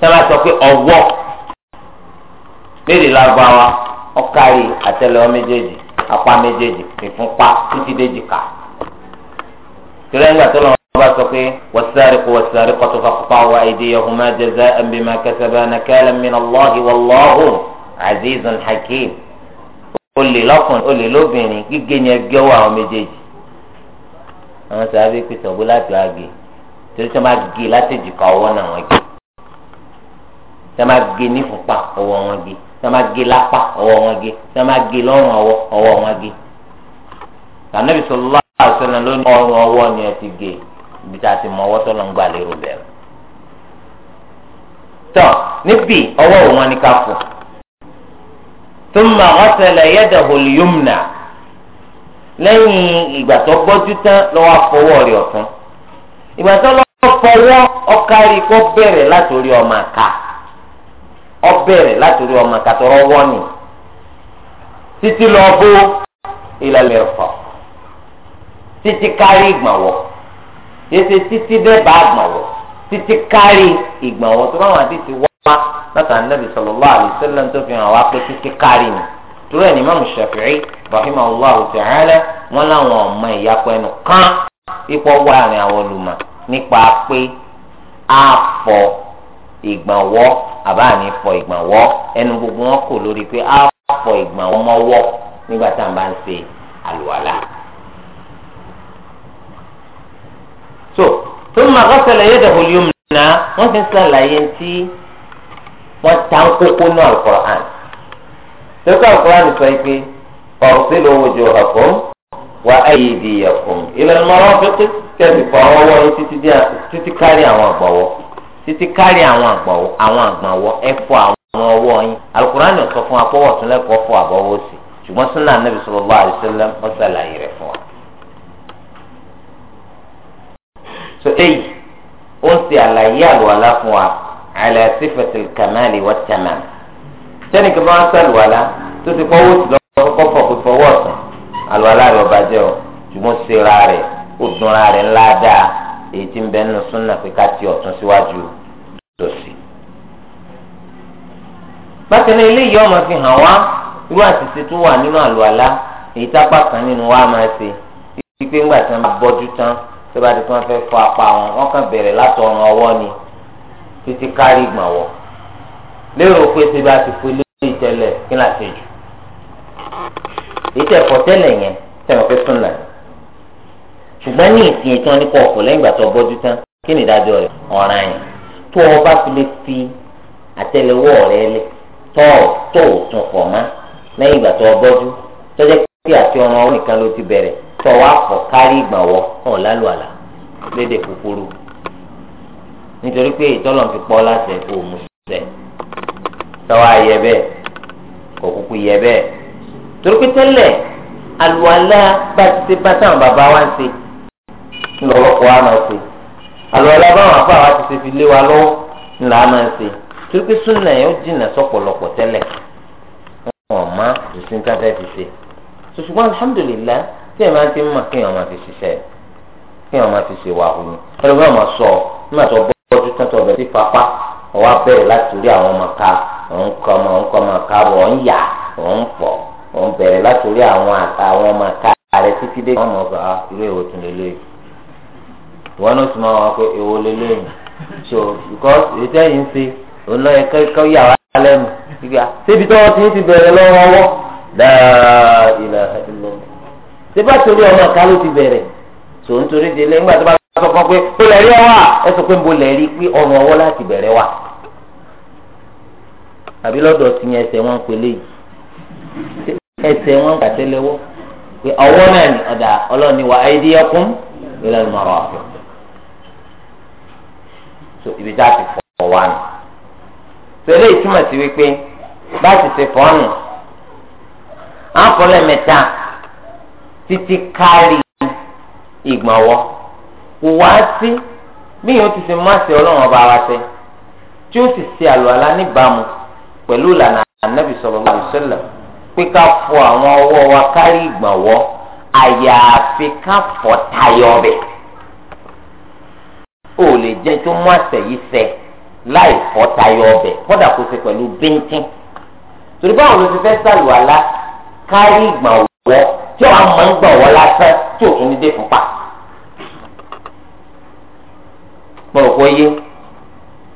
سمعت في أوق lédè Lárúbáwá ọkàrí àtẹ́lẹwọ́ méjèèjì apá méjèèjì ìfúnpá títí déjìká tìrẹ́ńgà tó lọ́wọ́ bá sọ pé was-sariqu was-sariqatu faqta'u aydiyahuma jaza'an bima kasaba nakalan min Allahi wallahu azizun hakim olè lọ́kùnrin olè lóbìnrin gígé méjèèjì àwọn láti sọ gé láti ọwọ́ náà wọ́n gé. sọ́mà gé lápá ọwọ́ wọn gé sọ́mà gé lọ́rùn ọwọ́ ọwọ́ wọn gé. sànẹ́bí sọlá àṣẹlẹ̀ lónìí ọrùn ọwọ́ ni ẹ ti gé ibi tá a ti mọ ọwọ́ tó lọ ń gbà lérò bẹ̀rẹ̀. tọ́ níbi ọwọ́ wọn ni ká fò. thumma ghasala yadahu al-yumna ìgbà tó gbọ́jú tán lọ́wọ́ afọwọ́ rẹ̀ ọ̀tún ìgbà tó lọ́wọ́ fọwọ́ ọkàrí kó bẹ̀rẹ̀ látòrí ọmọ àká ọbẹ̀rẹ̀ látòrí ọmọ kàtọ́rọ́ wọ́nì títí lọ bó ìlàlẹ̀ ẹ̀fọ́ títí kárí ìgbọ̀nwọ́ yẹsẹ títí dẹ́bàá ìgbọ̀nwọ́ títí kárí ìgbọ̀nwọ́ tó báwọn àti ti wá látà nàbì sallallahu alaihi tó fi hàn wá pé títí kárí ni turu ẹni Imam Shafi'i rahimahullahu ta'ala wọn làwọn ọmọ ìyapọ̀ ẹnu kan ipò wà rìn àwọn olùmọ̀ nípa pé àfọ̀ ìgbọ̀nwọ́ àbá ní fọ ìgbọ̀nwọ́ ẹnu gbogbo wọn kò lórí pé á fọ ìgbọ̀nwọ́ mọ́wọ́ nígbà tá à ń bá ń ṣe àlùwàlà. so tó máa kọ́ sẹlẹ̀ yóò dẹ̀kọ̀ lóyún nà wọ́n ti ń sàlàyé tí wọ́n ta ń kókó náà alukoran sẹ́kọ̀ alukoran sọ pé ọ̀sẹ̀ ló wojú ọ̀kọ́ wa aydiyakum ila al-marafiq kẹ́sì fọ àwọn ọwọ́ yín títí kárí àwọn títí kárí àwọn àgbàwọ àwọn àgbàwọ ẹ fọ àwọn ọwọ́ yín alukurani sọ fún wa pọwọ tún lẹkọọ fọ àbọwọ sí ṣùgbọ́n sunna anabi sallallahu alaihi wasallam ó ṣàlàyé rẹ̀ fún wa. so eyi ó ń ṣe àlàyé àlùwàlá fún wa ala sifatil kamali wa tamam sẹ́ni kí wọ́n á sàlùwàlá tó ti fọwọ́ sí lọ́wọ́ kọ́kọ́ fọ fọwọ́ ọ̀sán àlùwàlá rẹ̀ ọba jẹ́ o ṣùgbọ́n ṣe ra rẹ̀ ó dun ra rẹ̀ ńlá dáa èyí tí ń bẹ nínú súnà pé ká ti ọ̀tún síwájú lòsì. bákan náà eléyìí ọmọ fi hàn wá irú àṣìṣe tó wà nínú àlùwàlá èyí tápá kan nínú wa máa ṣe wípé ńgbà tí wọn bá bọ́jú tán tó bá di kí wọn fẹ́ fọ apá wọn wọn kàn bẹ̀rẹ̀ látọrùn ọwọ́ ni títí kárí ìgbọ̀nwọ́ lérò pé ṣe bá ti fún eléyìí tẹ́lẹ̀ kí n àṣejù èyí tẹ́lẹ̀ yẹn tẹ̀ wọ́n fẹ́ sùn ṣùgbọ́n ní ìsìn ètò wọn ní lẹ́yìn ìgbà tó bọ́jú tán kí ni ìdájọ́ rẹ̀ ọ̀ràn yẹn tó o bá fi lè fi àtẹ́lẹwọ́ rẹ lẹ̀ tó o tó o tún fọ̀ mọ́ lẹ́yìn ìgbà tó bọ́jú tó jẹ́ pé àti ọ̀ràn ọ̀rùn nìkan ló ti bẹ̀rẹ̀ tó o wá fọ̀ kárí ìgbàwọ́ ọ̀ lálùwàlà lédè kúkúrú nítorí pé ìtọ́lọ̀ fi pọ́ láṣẹ kó o mú sẹ́ tọ́wọ́ ayẹ bẹ́ẹ̀ kò kúkú yẹ bẹ́ẹ̀ torí pé tẹ́lẹ̀ àlùwàlà bá ti ṣe bá táwọn bàbá wa ń ṣe ńlọ́pọ̀ wa máa ṣe àlùwàlá báwọn afọ ti fi lé wa lọ́wọ́ ńlá máa ṣe torí pé yẹn ó jìnà sọ́pọ̀lọpọ̀ tẹ́lẹ̀ wọn má ìsìn káfẹ́ fi ṣe ṣùgbọ́n alhamdulillah tí ẹ̀ máa ti mọ̀ kí èèyàn máa fi ṣiṣẹ́ kí máa fi ṣe wà ẹ̀rọ wọn sọ bọ́ ọdún sí papá ọwọ́ abẹ́rẹ́ láti àwọn ọmọ ká òun kọ́ ọmọ òun kọ́ ọmọ ká yà bẹ̀rẹ̀ láti wọn náà tún máa wá pé èwo lélẹ́yìn so because ìtẹ́yìn ń ṣe òun náà yẹ kọ́ yà wá lẹ́nu gbígbà síbi tí wọ́n ti ń ti bẹ̀rẹ̀ lọ́wọ́ wọ́ dáa ilẹ̀ ẹ̀dínlọ́ síbá torí ọmọ ká ló ti bẹ̀rẹ̀ so nítorí délé ńgbà tó bá sọ fún pé ó lẹ̀ rí ọ wá ẹ sọ pé mo lẹ̀ rí pé ọrùn ọwọ́ láti bẹ̀rẹ̀ wá àbí lọ́dọ̀ ti yẹn ẹsẹ̀ wọn pélé yìí ẹsẹ̀ wọn gbàtẹ́lẹ́wọ́ pé ọwọ́ náà ni ọ̀dà ọlọ́ọ̀ni wà áyédéyẹkùn ìlànà ọ̀rọ̀ àfẹ́ so ibi tá a ti fọ wa nù sọlẹ ìtumọ̀ sí wípé bá a ti ṣe fọ́ nù á fọ lẹ́ẹ̀mẹ́ta títí kárí ìgbọ̀nwọ́ kò wá sí bí yóò ti ṣe má ṣe ọlọ́run ọba wa ṣe tí ó sì ṣe àlùalá níbàámu pẹ̀lú ìlànà ànábì sallallahu alaihi wasallam pé ká fọ àwọn ọwọ́ wa kárí ìgbọ̀nwọ́ àyàfi ká fọ tayọ bẹ́ẹ̀ ò lè jẹ́ tó mú àṣẹ yìí ṣẹ láì fọ́ tayọ ọbẹ̀ kódà kó ṣe pẹ̀lú bíntín torí báwo ló ti fẹ́ sàlùwàlá kárí ìgbà òwò tí wàá mọ̀ ń gbà wọ́ lásán tí òfin ní dé fúnpa. mo rò pé yé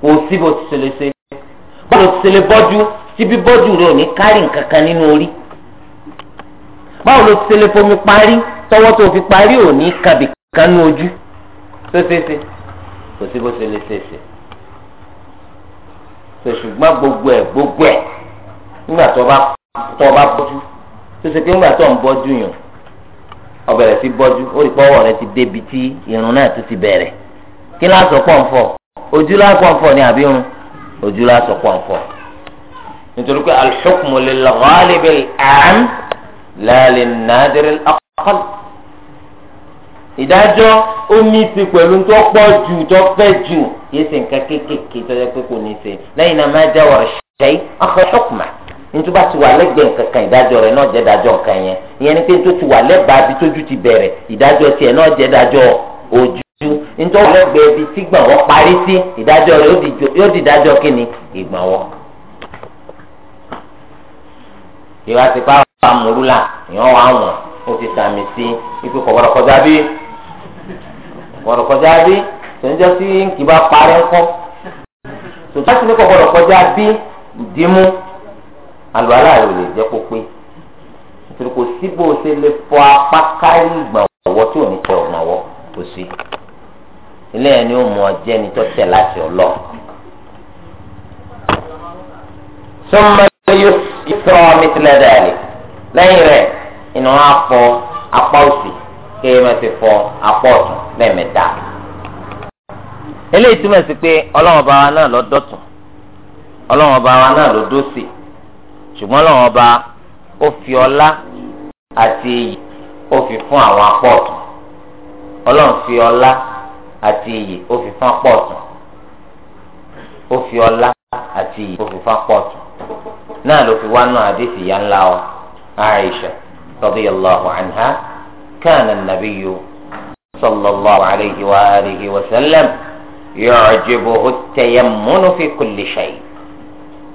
kò sí bó ti ṣe lè ṣe báwo ló ti ṣe lè bọ́jú tí bí bọ́jú rẹ ò ní kárí nǹkan kan nínú orí báwo ló ti ṣe lè fomi parí tọwọ́ tó fi parí ò ní kàbìkan nú ojú tó ṣeé ṣe kò sí bó ṣe lè ṣèṣe tó ṣùgbọ́n gbogbo ẹ̀ gbogbo ẹ̀ nígbà tó bá tó bọ́jú tó ṣe pé nígbà tó ń bọ́jú yàn ọbẹ̀rẹ̀ sí bọ́jú ó rí pọ́wọ́ rẹ ti débi tí irun náà tún ti bẹ̀rẹ̀ kí lásán pọ̀ ń fọ̀ ojú lásán fọ̀ ni àbí ojú lásán pọ̀ ń fọ̀ nítorí pé al-hukmu lil-ghalib al-a'am la lin ìdájọ́ ó ní í ṣe pẹ̀lú tó pọ̀ jù tó fẹ́ jù kì í ṣe nǹkan kéékèèké tó yẹ pé kò ní í ṣe lẹ́yìn náà máa jẹ́ wọ̀rọ̀ ọkọ̀ ṣọ́kùmá nítorí bá ti wà lẹ́gbẹ̀ẹ́ ni pé tó ti wà lẹ́bàá bí tójú ti bẹ̀rẹ̀ ìdájọ́ tiẹ̀ náà jẹ́ ojú nítorí lẹ́gbẹ̀ẹ́ bí parí sí ìdájọ́ rẹ̀ yóò di ìdájọ́ kíni ìgbọ̀nwọ́. ìwà tipa ìyẹn wà gbọ́dọ̀ kọjá bí tòǹjọ́ tí nkì bá parí ńkọ́ tòǹjọ́ tí kò gbọ́dọ̀ kọjá bí dìímú àlùbálà rẹ̀ ò lè jẹ́ kó pé nítorí kò sí bó ṣe lè fọ apá kárí ìgbà tí ò ní tẹ ọ̀gbọ̀n kò sí ilé ẹni ó mú ọ jẹ́ ni tó tẹ̀ láti ọlọ́ sọ́mọ yóò sọ ọ́ mi tilẹ̀ dàlẹ́ lẹ́yìn rẹ̀ ìnáwó afọ apá òsì. kéye máa ti fọ apọ̀ ọ̀tún eléyìí túmọ̀ sí pé ọlọ́run ọba wa náà ló dọ̀tún ọlọ́run ọba wa náà ló dósì ṣùgbọ́n ọlọ́run ọba ó fi ọlá àti èyí ó fi fún àwọn apọ̀ ọ̀tún fi ọlá àti èyí ó fi fún apọ̀ ó fi ọlá àti èyí ó fi fún apọ̀ náà ló fi wá náà àdéhìí ya ńlá ọ Aisha radiyallahu anha. كان النبي صلى الله عليه وآله وسلم يعجبه التيمن في كل شيء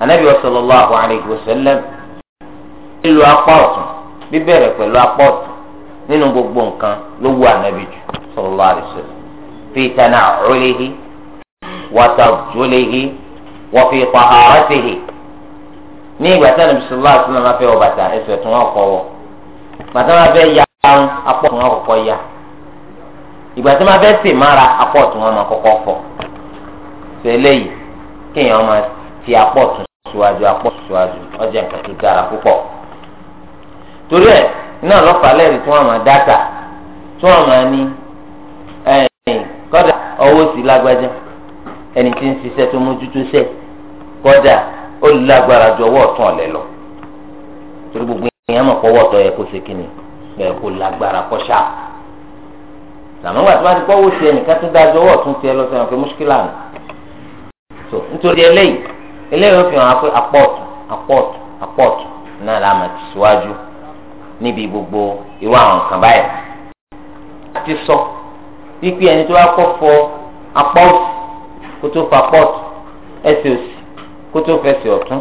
النبي صلى الله عليه وسلم ìlú apá ọ̀tún bíbẹ̀rẹ̀ pẹ̀lú apá ọ̀tún nínú gbogbo nǹkan ló wù ànábì jù sallallahu alaihi wasallam fi tana'ulihi wa tarjulihi wa fi taharatihi ní ìgbà tí ànábì sallallahu alaihi wasallam máa fẹ́ wọ bàtà ẹsẹ̀ tún wọn kọ́ wọ bàtà máa fẹ́ ya àrùn apọ̀ tí wọ́n ya ìgbà tí wọ́n fẹ́ sè tí wọ́n máa kọ́kọ́ fọ̀ tó eléyìí kéèyàn máa fi apọ̀ tún síwájú nǹkan tó dára torí iná tí dáta tí ní sí lágbájá tí ń tó mójútó torí gbogbo ìyẹn mọ̀ pọ̀ yẹ kó bẹ́ẹ̀ kó lágbára kọ́ṣá làmọ́ wà tí wọ́n ti kọ́ wó sí ẹnìkan tó dájú ọwọ́ tún tiẹ̀ lọ sẹ́wọ̀n pé mùṣkílà ni so nítorí eléyìí eléyìí ó fi hàn pé apọ́ọ̀tù apọ́ọ̀tù apọ́ọ̀tù náà la mà ti síwájú níbi gbogbo irú àwọn nǹkan báyìí àti sọ wípé ẹni tó bá kọ́ fọ apọ́ọ̀tù kó tó fọ apọ́ọ̀tù ẹsẹ̀ òsì kó tó fẹsẹ̀ ọ̀tún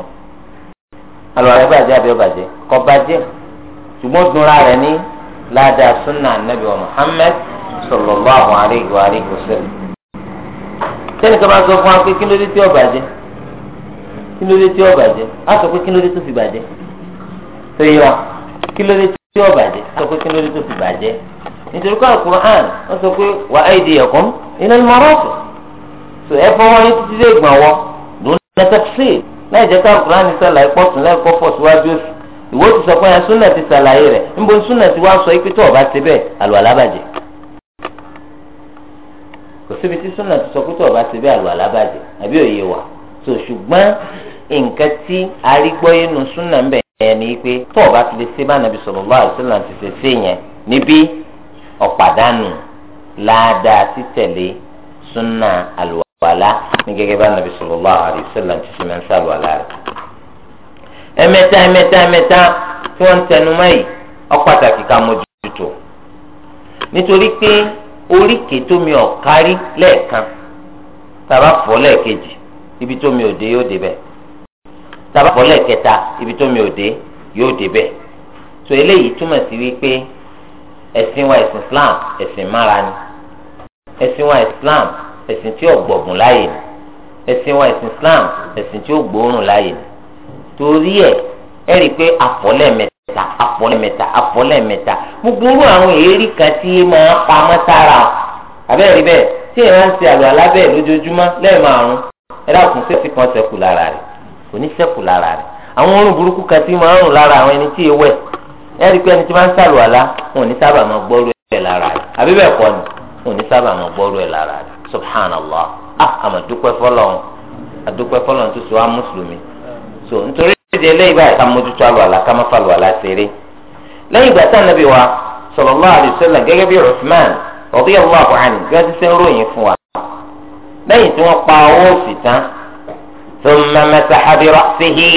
alọ́ bàjẹ́ àbí ọ̀bàjẹ́ kọ́ bàjẹ́ ṣùgbọ́n dunra rẹ̀ ní ládàá súnà nàbì wa Muhammad sallallahu alayhi wa alihi wa sallam. sẹ́ni kan máa sọ fún wa pé kí ló dé tí ó bàjẹ́ kí ló dé tí ó bàjẹ́ á sọ pé kí ló dé tó fi bàjẹ́ tó yẹ wa kí ló dé tí ó bàjẹ́ á sọ pé kí ló dé tó fi bàjẹ́ nítorí kó al wọ́n sọ pé wa aydiyakum ila al-marafiq tó ẹ fọwọ́ ní títí dé ìgbọ̀nwọ́ lónìí ẹ̀ tẹ́tí sí láì jẹ́ ká Al-Qur'an ní sẹ́la tún láì kọ́ pọ̀ síwájú ìwọ ti sọ pé ẹ súnà ti ṣàlàyé rẹ̀ níbo súnà ti wá sọ pé tó o bá ti bẹ́ẹ̀ àlùwàlá bàjẹ́ kò síbi tí súnà ti sọ pé tó o ti bẹ́ẹ̀ àlùwàlá bàjẹ́ àbí òye wà tó ṣùgbọ́n nǹkan tí arígbọ́yé nu súnà ń bẹ̀ yẹn ni pé tó o ti lè ṣe bá nàbì sallallahu alaihi wasallam ti ṣe ṣe yẹn níbí ọ̀pàdánù ládàá títẹ̀lé súnà àlùwàlá ní gẹ́gẹ́ bá nàbì sallallahu alaihi wasallam ti ṣe mẹ́ńsà àlùwàlá rẹ̀ ẹ̀mẹ́ta ẹ̀mẹ́ta ẹ̀mẹ́ta tí wọ́n ń tẹnu mọ́ yìí ó pàtàkì ká mójútó nítorí pé oríkèé tómi ò kárí lẹ́ẹ̀kan tàbá fọ́ lẹ́ẹ̀kejì ibi tómi ò dé yóò dé bẹ́ẹ̀ tàbá fọ́ lẹ́ẹ̀kẹta ibi tómi ò yóò dé bẹ́ẹ̀ eléyìí túmọ̀ sí wípé ẹ̀sìn wa ẹ̀sìn Islam ẹ̀sìn mára ni ẹ̀sìn wa Islam ẹ̀sìn tí ò gbọ̀gùn láàyè ni ẹ̀sìn wa ẹ̀sìn Islam ẹ̀sìn tí ò gbóòórùn láàyè ni torí ẹ̀ ẹ rí i pé àfọ́lẹ́mẹta àfọ́lẹ́mẹta àfọ́lẹ́mẹta gbogbo irú àwọn èérí kan tí máa pamọ́ sára àbẹ́rẹ́ bẹ́ẹ̀ tí èèyàn ń ṣe àlọ́ alábẹ́ẹ̀ lójoojúmọ́ lẹ́ẹ̀márùn-ún ẹ dákun sẹ́sì kan ṣẹ́kù lára rẹ̀ kò ní ṣẹ́kù lára rẹ̀ àwọn òórùn burúkú kan tí máa ń rùn lára àwọn ẹni tí ewẹ́ ẹ rí i pé ẹni tí máa ń ṣàlù àlá wọn ò ní sábà máa gbọ́rú ẹ̀ lára rẹ̀ àbí bẹ́ẹ̀ kọ́ ni wọn ò ní sábà máa gbọ́rú ẹ̀ lára so nítorí ìdí eléyìí báyìí ká mójútó àlùwàlá ká má falùwàlá ṣeré lẹ́yìn ìgbà tá ànábì wa sallallahu alaihi wasallam gẹ́gẹ́ bí Uthman radiyallahu anhu gẹ́gẹ́ tí sẹ́ń ròyìn fún wa lẹ́yìn tí wọ́n pa owó òsì tán thumma masaha bi ra'sihi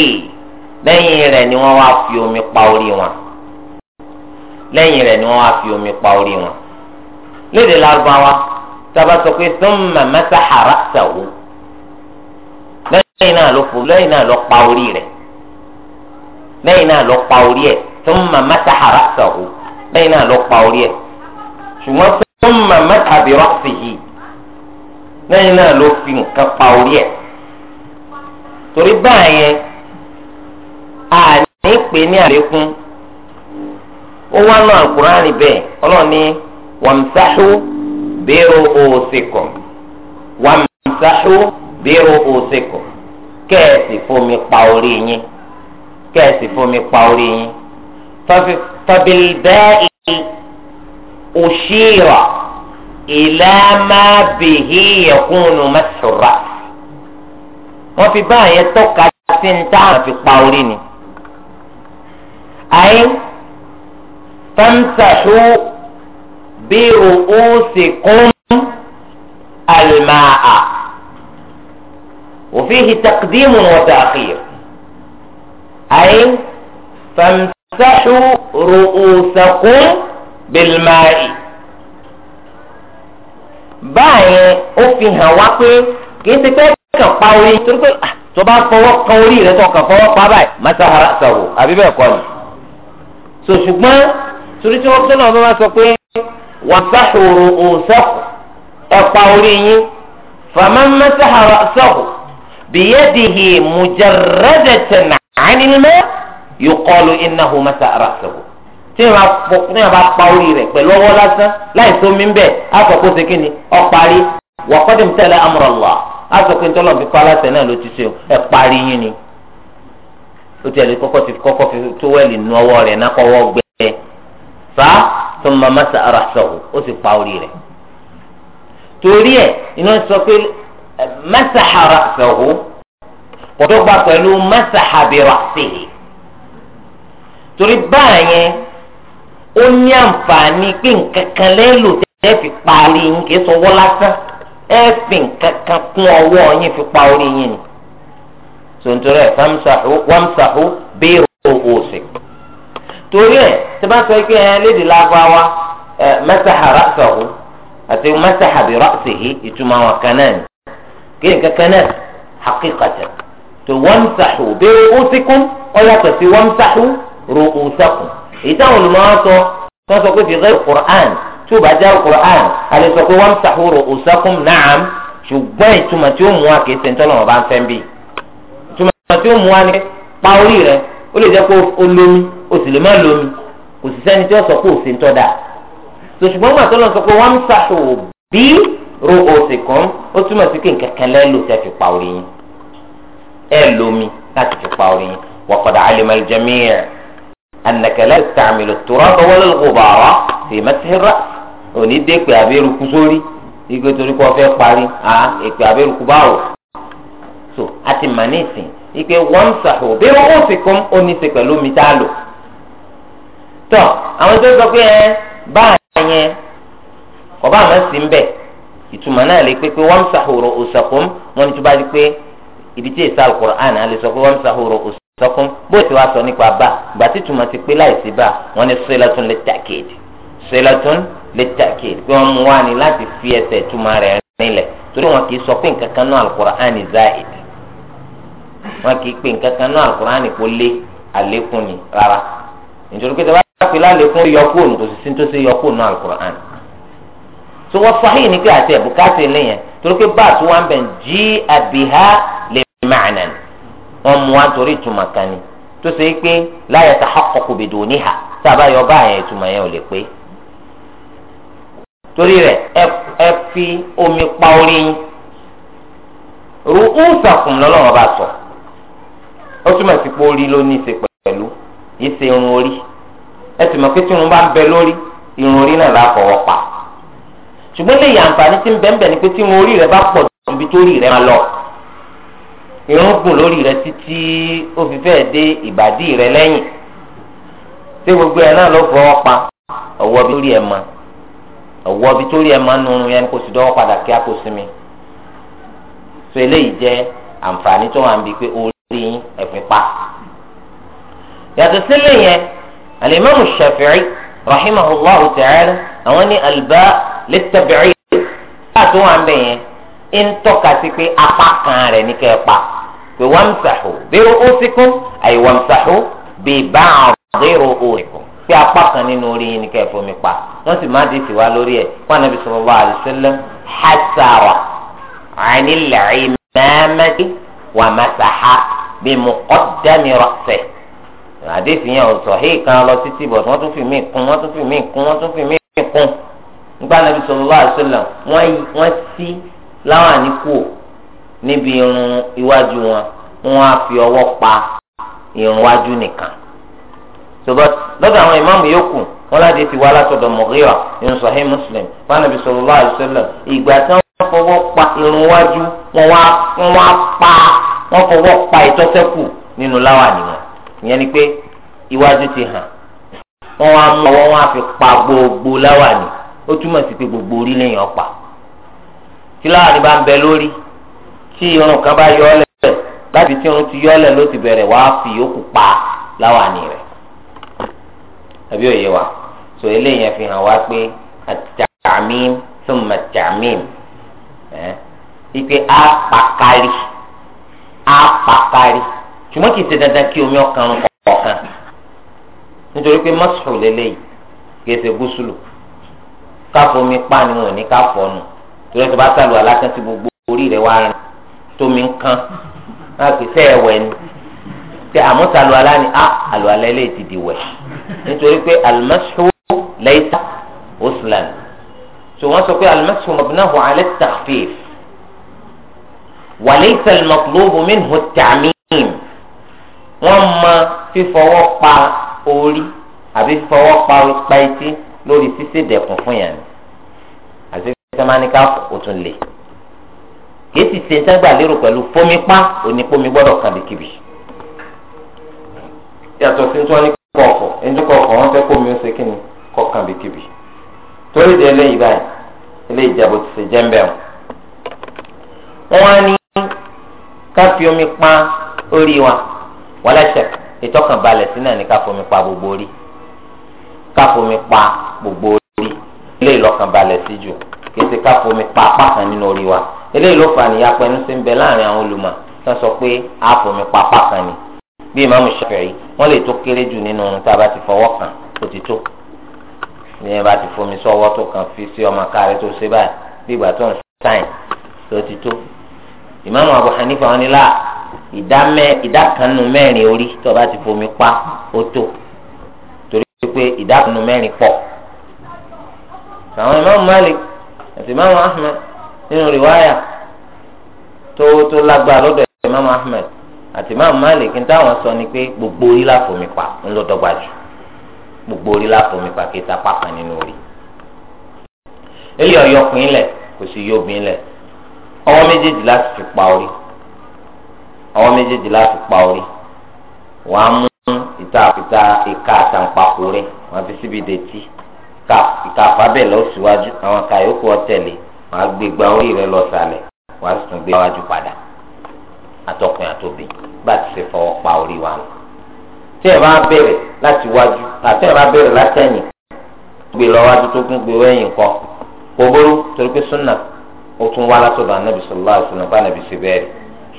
lẹ́yìn rẹ̀ ni wọ́n wá fi omi pa orí wọn lẹ́yìn rẹ̀ ni wọ́n wá fi omi pa orí wọn lédè lárúbáwá tá sọ pé thumma masaha ra'sahu lẹ́yìn náà ló lẹ́yìn náà ló pa orí rẹ̀ lẹ́yìn náà ló pa orí ẹ̀ thumma masaha ra'sahu lẹ́yìn náà ló pa orí ẹ̀ ṣùgbọ́n thumma masaha bi ra'sihi lẹ́yìn náà ló fi nǹkan pa orí ẹ̀ torí báyẹn àní pè ní àlékún ó wá náà Al-Qur'ani bẹ́ẹ̀ ọlọ́ọ̀ni wamsahu bi ru'usikum kẹ́ẹ̀sì fomi pa orí yín kẹ́ẹ̀sì fomi pa orí yín tọ́bìlbẹ́ẹ̀ òṣìrà ìlàmàbìhì yẹ̀kúnnù mẹ́sùrà wọ́n fi báyẹn tọ́ka sí ní táwọn fi pa orí ni. àyè tọ́mṣàṣù bí rùú sì kún àlùmáà. وفيه تقديم وتأخير أي فامسحوا رؤوسكم بالماء باي أفيها وقل كنت تتوقع قولي تقول سبا أه، فوق قولي لتوقع فوق قابي ما سهى رأسه أبي بي أقول سو شكما سوريتي وقتنا وما سقوي وامسحوا رؤوسكم قولي فمن مسح رأسه biyadihi mujarradatan anil ma yuqalu n'ime masa ra'sahu tí wọn fọ tí wọn bá pa orí lásán láì bẹ ọ parí wa qadim tala amra náà ló ti ṣe ẹ parí yín ni ó ti ẹni ti fi fa masa ó sì torí ẹ. mẹsàhà ràṣẹ̀hó kò tó gba pẹ̀lú mẹsàhà bí ràṣẹ̀hì torí báyẹn ó ní àǹfààní pé nǹkan kan lẹ́lò tẹ́ fi parí yín kì í sọwọ́ lásán ẹ fi nǹkan kan kún ọwọ́ yín fi pa orí yín ni sọ̀tún rẹ̀ wàmsàhó bẹ́ẹ̀rù òsè torí ẹ̀ tí sọ pé ẹ léde lágbáwá mẹsàhà ràṣẹ̀hó àti mẹsàhà bí ìtumọ̀ àwọn kan náà ni kéèyàn kankan náà hakíkatẹ tó wamsahu bi ru'usikum ọ̀yàtọ̀ sí wamsahu ru'usakum èyí táwọn olùmọ̀ọ́ sọ tó sọ pé fi ghayr qur'an tó bá já qur'an àlẹ́ sọ pé wamsahu ru'usakum na'am ṣùgbọ́n ìtumọ̀ tí ó mú wa kìí ń tọ́lọ̀ wọn ń fẹ́ bí ìtumọ̀ tí ó mú wa ni pa orí rẹ ó lè jẹ́ pé ó lómi ó sì lè má lómi kò sì sẹ́ni tí ó sọ pé ó ń tọ́ da ṣùgbọ́n ro òsì kan ó túmọ̀ sí kéǹkà kan lẹ́lò tẹ́ fi pa orí yín ẹ lómi láti fi pa orí yín waqad alima al-jami' annaka la tasta'milu at-turaba wala al-ghubara fi mashi ar-ra's òní dé pé abẹ́rùkú sórí igbe torí kó fẹ́ parí à èpè abẹ́rùkú báwò so àti mà ní wọ́n sàkó bí wọ́n ó sì kún ó ní pẹ̀lú omi tá a lò tọ́ àwọn tó sọ pé ẹ báà yẹn kọ́ bá àwọn sì ń bẹ̀ ìtumọ̀ náà lè pé pé wamsahu ru'usakum wọn ni tó bá di pé ibi tí èsì alukur'an àlè sọ pé wamsahu ru'usakum bó ti wá sọ nípa bá ìgbà tí ìtumọ̀ ti pé láìsí bá wọn ni silatun lit-ta'kid silatun lit-ta'kid pé wọn mú wá ní láti fi ẹsẹ̀ ìtumọ̀ rẹ̀ nílẹ̀ torí wọn kì í sọ pé nǹkan kan náà alukur'an zaid wọn kì í pé nǹkan kan náà alukur'an kò lé àlékún ni rárá nítorí pé tí wọn bá pè lálékún yọkùn kò sì sí tó ṣe yọkùn náà alukur'an so wọ́n sahih ní pé àti ẹ̀bùkátì lé yẹn torí pé bá àti wọn bẹ̀ ń jí àbíhá lè ma'nan wọn mú wa torí ìtumọ̀ kan ni tó ṣe é pé tá a yọ bá ìtumọ̀ yẹn ò lè omi pa orí yín bá sọ ó túmọ̀ sí pé orí ló ní í ṣe pẹ̀lú yìí ṣe irun ṣùgbọ́n lè yàn àǹfààní tí ń bẹ́ẹ̀ ni pé tí wọn orí rẹ bá pọ̀ níbi tó rí rẹ máa lọ irun gùn lórí rẹ títí ó fi fẹ́ẹ̀ dé ìbàdí rẹ lẹ́yìn ṣé gbogbo ẹ̀ náà ló fọwọ́ pa ọwọ́ bí torí ẹ̀ ma ọwọ́ bí torí ẹ̀ ma nùrùn yẹn kò sì dọ́wọ́ padà kí á kó sinmi so eléyìí jẹ́ àǹfààní tó wà ń bi pé orí ẹ̀fín pa yàtọ̀ sílẹ̀ yẹn Al-Imam Shafi'i rahimahullahu ta'ala àwọn ní àlùbá lè tẹ̀bẹ̀rẹ̀ yìí bá a tó wà ń bẹ̀ yẹn ń tọ́ka sí pé apá kan rẹ̀ ní kẹ́ ẹ pa pé wọ́n sàhó bí ó sì kún àyè wọ́n sàhó bí bá àgbèrò òòrè kù pé apá kan nínú orí yìí ní kẹ́ ẹ fomi pa wọ́n sì má di tiwa lórí ẹ̀ fún anabi sallallahu alaihi wasallam hasara àní lẹ́yìn mẹ́mẹ́tì wà mẹ́sàá bí mu ọ̀dẹ́mi rọ̀ṣẹ̀ àdéhùn yẹn ò sọ̀hí kan lọ títí bọ̀ wọ́n tún fi mí kún wọ́n tún fi mí kún wọ́n tún fi mí kíkún nígbà nàbí sallallahu alaihi wasallam wọ́n sí láwọn àníkù níbi irun iwájú wọn wọ́n á fi ọwọ́ pa irun iwájú nìkan ṣùgbọ́n lọ́dọ̀ àwọn ìmáàmù yòókù wọn láti ti wá látọ̀dọ̀ Mughira irun Sahih Muslim wọn nàbí sallallahu alaihi wasallam ìgbà tí wọ́n fọwọ́ pa irun iwájú wọn wá pa wọ́n fọwọ́ pa ìtọ́sẹ́kù nínú láwàní wọn ìyẹn ni pé iwájú ti hàn wọ́n wá mú ọwọ́ wọn àfi pa gbogbo láwàní ó túmọ̀ sí pé gbogbo orí lèèyàn pa tí láwàní bá ń bẹ lórí tí irun kan bá yọ ọ́lẹ̀ láti tí irun ti yọ ọ́lẹ̀ ló ti bẹ̀rẹ̀ wá fi yòókù pa láwàní rẹ̀ àbí òye wa so eléyìí fi hàn wá pé àtàmím thumma àtàmím ẹ̀ ipe apàkárí apàkárí ṣùgbọ́n kì í ṣe dandan kí omi ọkàn kọ̀ọ̀kan nítorí pé mọ́sùlù lélẹ́yìí gèsè gúúsùlù káfomi páni wọn ní káfọ́nù torí ẹ̀sọ́ bá sàlù alákan tí gbogbo orí rẹ̀ wá rìn tómi ń kán láti sẹ́ ẹ̀wẹ̀ ni pé àmọ́ sàlù alá ni á ah, àlù alá ilé ti di wẹ̀ nítorí pé alimọ́sùlù lẹ́yìísá oslan tó wọ́n sọ pé alimọ́sùlù mọ̀bìnáhùn alẹ́ tàfíf wàlẹ́yìísá lọ́kùlóhùn mí wọ́n mọ fífọwọ́ pa orí àbí fọwọ́ parun pa etí lórí ṣíṣe dẹ̀kun fún yàn ni àti sẹ́mánikà kò tún lè kìí ti ṣe sẹ́gbà lérò pẹ̀lú fómipá onípomi gbọ́dọ̀ kan lékibi yàtọ̀ sí tí wọ́n ní kọ̀ọ̀kọ̀ ẹni tí kọ̀ọ̀kọ̀ wọ́n fẹ́ kó mi ó ṣe kí ni kọ̀ kan lékibi torí di eléyìí báyìí eléyìí ìjàbọ̀ ti ṣe jẹ́ńbẹ́ o wọ́n á ní ká fi omi pa orí wa wàlẹ́ ìtọ́kànbalẹ̀ sí náà ní ká fomi pa gbogbo orí ká fomi pa gbogbo orí eléyìí lọ́kànbalẹ̀ sí jù kété ká fomi pa apá kan nínú orí wa eléyìí ló fà níyà pẹ́ẹ́nu sí ń bẹ láàrin àwọn olùmọ̀ tó sọ pé a fomi pa apá kan ni bí ìmáàmù Ṣáfi'í wọ́n lè tó kéré jù nínú ohun tá a bá ti fọwọ́ kàn ó ti tó ní ẹ bá ti fomi sọ́wọ́ tó kàn fi sí ọmọ káàrẹ́ tó ṣe báyìí bí ìgbà tó ń sáìn tó ti tó ìmáàmù Abu wọn ni láà ìdákanu mẹ́rin orí tó o bá ti fomi pa ó tó torí pé ìdákanu mẹ́rin pọ̀ àwọn Imam Malik àti Imam Ahmed nínú rìwáyà tó tó lágbára lọ́dọ̀ Imam Ahmed àti Imam Malik ní táwọn sọ ni pé gbogbo orí la fomi pa ńlọ dọ́gba jù gbogbo orí la fomi pa kí sapá kan nínú orí eléyọ̀ yọkùnrin lẹ̀ kò sí yóbin lẹ̀ ọwọ́ méjèèjì láti fi pa orí àwọn méjèèjì láti pa orí wàá mú ìta àfita ìka àtàǹpàkò rẹ wàá fi síbi dètí ìka àfábẹ́ lọ síwájú àwọn kàyókù ọ̀tẹ̀lẹ̀ wàá gbé gba orí rẹ lọ sàlẹ̀ wàá sì tún gbé wájú padà àtọkùn àtòbí bá ti ṣe fọwọ́ pa orí wa nù. tí ẹ bá bẹ̀rẹ̀ láti wájú àti ẹ bá bẹ̀rẹ̀ látẹ̀yìn gbé lọ wájú tó kún gbé wẹ́yìn kọ́ kò bóró torí pé súnà ó tún wá látọ̀dọ̀ ànábì sallallahu alaihi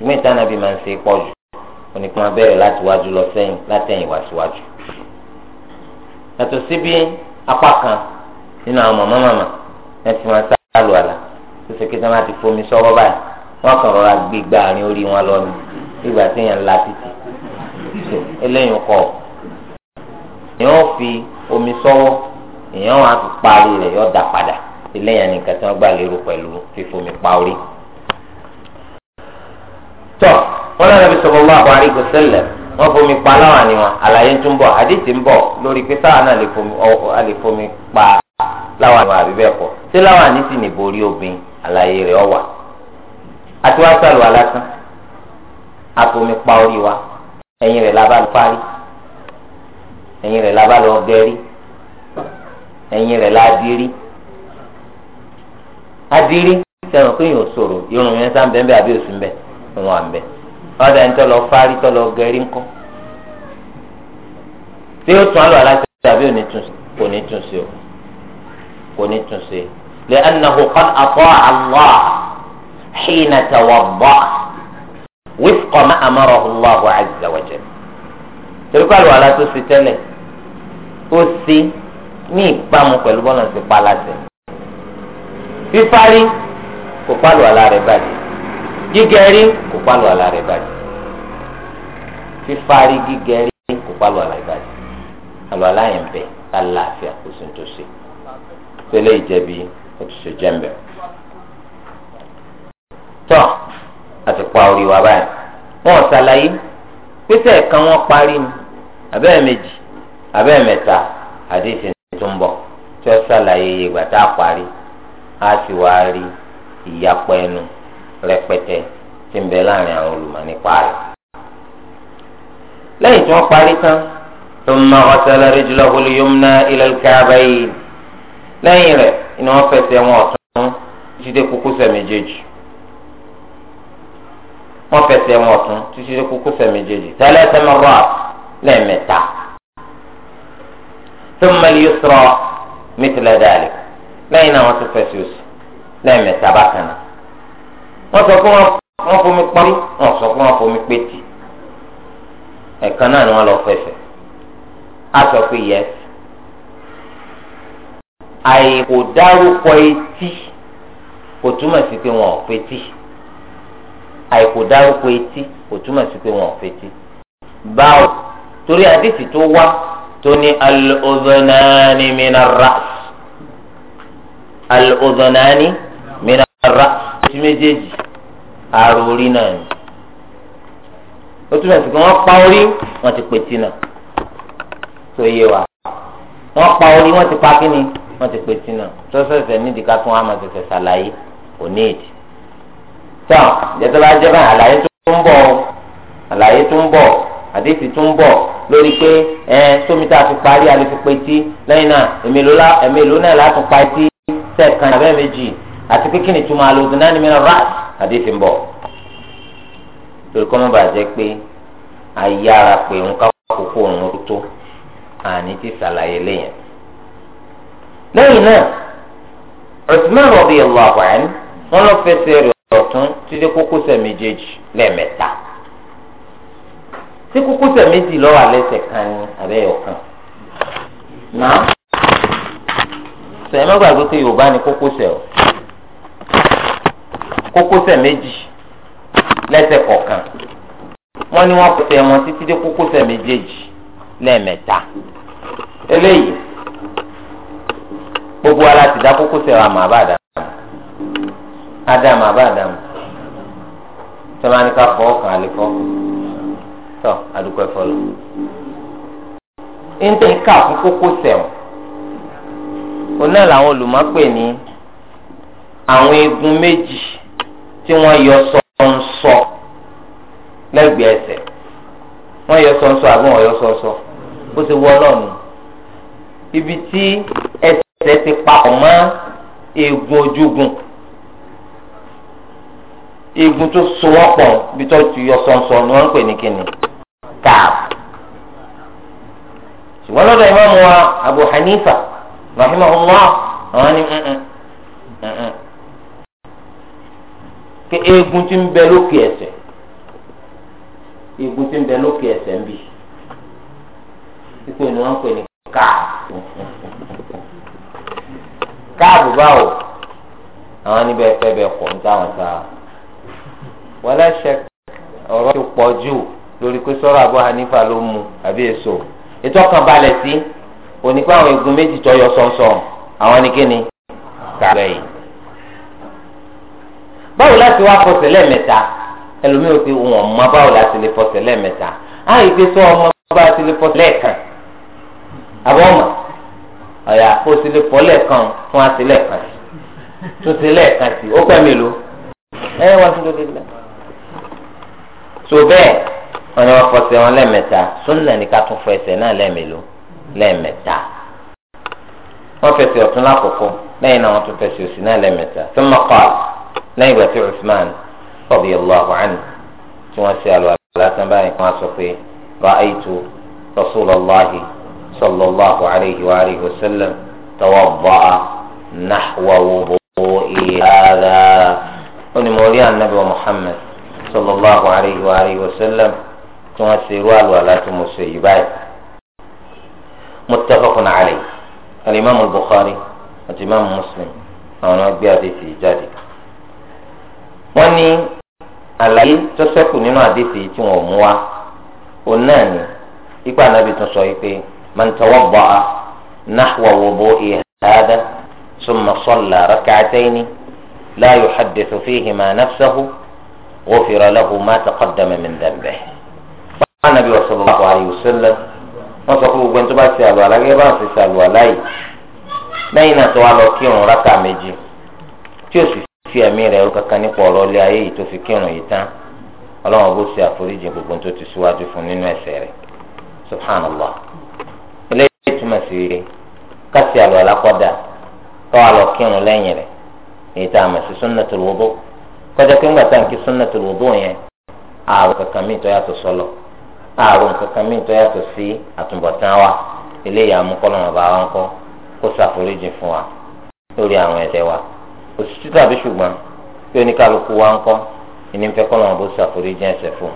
ṣùgbọ́n ìta nàbí máa ń ṣe pọ̀ jù onípọn bẹ̀rẹ̀ láti wájú lọ sẹ́yìn látẹ̀yìn wá síwájú. yàtọ̀ síbi apá kan nínú àwọn màmá màmá ẹ ti máa sá lù àlà tó ṣe kí sábà ti fomi sọ́wọ́ báyìí wọ́n kàn rọra gbé gba àárín orí wọn lọ ni ìgbà tí yẹn ń la títì eléyìí kọ̀ èèyàn fi omi sọ́wọ́ èèyàn wá ti parí rẹ̀ yọ̀ dá padà eléyìí nìkan tí wọ́n gbà lérò pẹ̀lú fífomi pa orí tọ wọn náà nàbí sọgbọn bá àbárí kò ṣẹlẹ̀ wọn fomi pa aláwọ àníwọn àlàyé ń tún bọ̀ àdìsí ń bọ̀ lórí pé sáà náà lè fomi pa láwọn àníwọn àbí bẹ́ẹ̀ kọ́ ṣé láwọn àní sì ní borí obìnrin àlàyé rẹ̀ ọwà àti wá sàlù alásán àfomi pa orí wa ẹ̀yìn rẹ̀ la bá parí ẹ̀yìn rẹ̀ la bá gẹrí ẹ̀yìn rẹ̀ la dirí sẹwọn pé yóò sọ̀rọ̀ irun yẹn sá ń bẹ ń bẹ àbí òsùn bẹ́ẹ̀ wọn wà mbẹ ọdọ ẹni tó lọ fárí tó lọ gẹrí ńkọ tí ó tún alọ aláṣẹ tàbí kò ní tún sí o kò ní tún sí lè anahu kan akọ àlọ xìnà tàwọn bọ wífkọ amọrọ ọlọhùn àgbàwọjẹ torí kọ́ àlọ́ aláṣẹ sí tẹ́lẹ̀ ó sí ní ìbámu pẹ̀lú bọ́lá sí palasẹ̀ fífárí kò pálọ̀ àlá báyìí gígẹrí kò pálọ̀ àlà rẹ̀ bàjẹ́ fífarí gígẹrí kò pálọ̀ àlà rẹ̀ bàjẹ́ àlọ́ aláyẹn bẹ̀ ká láàfin àkóso tó ṣe tẹ́lẹ̀ ìjẹ́bi ó ti ṣe jẹ́mbẹ̀. tọ́ àti pa wa báyìí wọ́n ṣàlàyé pété ẹ̀ka wọn parí ni abẹ́ẹ̀ méjì abẹ́ẹ̀ mẹ́ta àdéhìí tó bọ̀ tí ó ṣàlàyé ìgbà tá a parí a sì wá rí ìyapọ̀ ẹnu rẹpẹtẹ tí ń bẹ láàrin àwọn olùmọ̀ nípa rẹ̀. lẹ́yìn tí wọ́n parí tán thumma ghasala rijlahu al-yumna ila al-ka'bayn lẹ́yìn rẹ̀ ni wọ́n fẹsẹ̀ wọn ọ̀tún títí dé kókósẹ̀ méjèèjì wọ́n fẹsẹ̀ wọn ọ̀tún títí dé kókósẹ̀ méjèèjì thalatha marrat lẹ́ẹ̀mẹ́ta thumma al-yusra mithla dhalik lẹ́yìn náà wọ́n ti fẹsẹ̀ òsì lẹ́ẹ̀mẹ́ta bákan náà wọ́n sọ pé wọ́n fomi parí wọ́n sọ pé wọ́n fomi pétì ẹ̀kan náà ni wọ́n lọ fẹsẹ̀ á sọ pé yes àìkò dárúkọ etí kò túmọ̀ sí pé wọn ò fetí àìkò dárúkọ etí kò túmọ̀ sí pé wọn ò fetí báwo torí àdìsí tó wá tó ní al-udhunani min ar-ra's al sí méjèèjì àrò orí náà ni ó túmọ̀ sí pé wọ́n pa orí wọ́n ti pètì náà tó yé wa wọ́n pa orí wọ́n ti pa kíni wọ́n ti pètì náà tó sẹ̀sẹ̀ nídìí ká tún wọn á máa sẹ̀sẹ̀ ṣàlàyé kò ní èdè tọ́ ìjẹ́tọ́ bá jẹ́ báyìí àlàyé tó ń bọ̀ àlàyé tó ń bọ̀ àdéhìí tó ń bọ̀ lórí pé ẹ tómi tá a fi parí a lè fi pe tí lẹ́yìn náà èmi ló náà látún pa etí sẹ́ẹ̀kan abẹ́ méjì àti pé kí ni túmọ̀ alóògùn náà ni mi rà àdéhìí ń bọ̀ torí kọ́ mọ́ bàjẹ́ pé ayára pé ń ká kókó òun tó àní ti ṣàlàyé lẹ́yìn. lẹ́yìn náà Uthman radiyallahu anhu wọn lọ fẹsẹ̀ rẹ̀ ọ̀tún títí kókósẹ̀ méjèèjì lẹ́ẹ̀mẹ́ta tí kókósẹ̀ méjì lọ́wọ́ àlẹ́sẹ̀ kan ní abẹ́yọ̀ kan náà sọ pé Yorùbá ni kókósẹ̀ o kókósẹ̀ méjì lẹ́sẹ̀ kọ̀ọ̀kan wọ́n ní wọ́n tẹ wọn títí dé kókósẹ̀ méjèèjì lẹ́ẹ̀mẹ́ta eléyìí gbogbo ara ti dá kókósẹ̀ wa mà bá dà ádámù àbáàdámù tọ́lá ní ká fọ́ ọkàn àlékọ́ tọ́ àdúgbò ẹ̀fọ́ lọ. ń tẹ̀ ń kà fún kókósẹ̀ ọ̀ òun làwọn olùmọ̀ pè ní àwọn eegun méjì tí wọ́n yọ sọnsọ lẹ́gbẹ̀ẹ́ ẹsẹ̀ wọ́n yọ sọnsọ àbí wọ́n yọ sọnsọ bó ti wọ ọlọ́run ibi tí ẹsẹ̀ ti papọ̀ mọ́ eegun ojúgun eegun tó so wọ́n pọ̀ bí tó ti yọ sọnsọ ni wọ́n ń pè ní kíni káàf ṣùgbọ́n lọ́dọ̀ ìmáàmù wa Abu Hanifa rahimahullah àwọn ni. pé eegun ti ń bẹ lókè ẹsẹ̀ eegun ti ń bẹ lókè ẹsẹ̀ ń bì pípé ni wọ́n ń pè ní káàbù káàbù báwo àwọn níbẹ̀ fẹ́ bẹ pọ̀ ń táwọn ta wọ́n lẹ́sẹ̀ ọ̀rọ̀ ti pọ̀ jù lórí pé sọ́rọ̀ Abu Hanifa ló mu àbí èso ètò ọkàn balẹ̀ sí onípa àwọn eegun méjì tó yọ sọ́nsọ́n àwọn ni kíni káàbù ẹ̀yìn báwo láti wá fọsẹ̀ lẹ́ẹ̀mẹ́ta ẹlòmíì ò ti wọ̀n mọ́ báwo láti lè fọsẹ̀ lẹ́ẹ̀mẹ́ta àyè pé sọ ọmọ bá ti lè fọsẹ̀ lẹ́ẹ̀kan àbọ̀ ọ̀yà kó o ti lè fọ lẹ́ẹ̀kan fún wa ti lẹ́ẹ̀kan tó ti lẹ́ẹ̀kan sí ó pẹ́ mélòó ẹ wá sí lóde lẹ́ so bẹ́ẹ̀ wọn ni wọn fọsẹ̀ wọn lẹ́ẹ̀mẹ́ta sunna ní ká tún fọ ẹsẹ̀ náà lẹ́ẹ̀mélòó lẹ́ẹ̀mẹ́ta wọn fẹsẹ̀ ọ̀tún lákòókò lẹ́yìn náà wọn tún fẹsẹ̀ òsì náà lẹ́ẹ̀mẹ́ta tó lẹ́yìn ìgbà tí Uthman radiyallahu anhu tí wọ́n ṣe àlọ́ àlàtàn báyìí kan sọ pé ra'aytu rasulallahi sallallahu alayhi wa alihi wa sallam tawadda'a nahwa wudu'i hadha ó ní mo rí ànábì wa Muhammad sallallahu alayhi wa alihi wa sallam tí wọ́n ṣe irú àlọ́ àlàtàn mo ṣe yìí báyìí muttafaqun alayhi al-imam al-Bukhari àti imam Muslim àwọn ọgbẹ́ àti ìjáde. wọ́n ní àlàyé tọ́sẹ́kù nínú àdéhìí tí wọ́n mú wa òun náà ni ipa ànábì tún sọ yìí pé man tawadda'a nahwa wudu'i hadha thumma salla rak'atayni la yuhaddithu fihima nafsahu ghufira lahu ma taqaddama min dhanbihi. fún ànábì sallallahu alayhi wa sallam wọ́n sọ fún gbogbo ẹni tó bá ti àlùwàlá gẹ́gẹ́ bá ti ṣàlùwàlá yìí lẹ́yìn náà tó wá lọ kírun rákà méjì tí ó sì fi ẹ̀mí rẹ̀ ó kankan nípa ọ̀rọ̀ ilé ayé yìí tó fi kírun yìí tán ọlọ́run bó ṣe àforíjì gbogbo tó ti síwájú fún nínú ẹ̀ṣẹ̀ rẹ̀ subhanallah eléyìí túmọ̀ sí kásì àlọ́ alákọ̀dà tó wà kírun lẹ́yìn rẹ̀ èyí tá a mọ̀ sí kọjá pé ńgbà yẹn ààrùn kankan míì tó sọlọ ààrùn kankan míì tó yàtọ̀ sí eléyìí òṣìṣẹ́ tàbí ṣùgbọ́n pé oníkálukú wa ń kọ́ ìní fẹ́ kọ́ lọ́wọ́ bó ṣàforí jẹ́ ẹsẹ̀ fún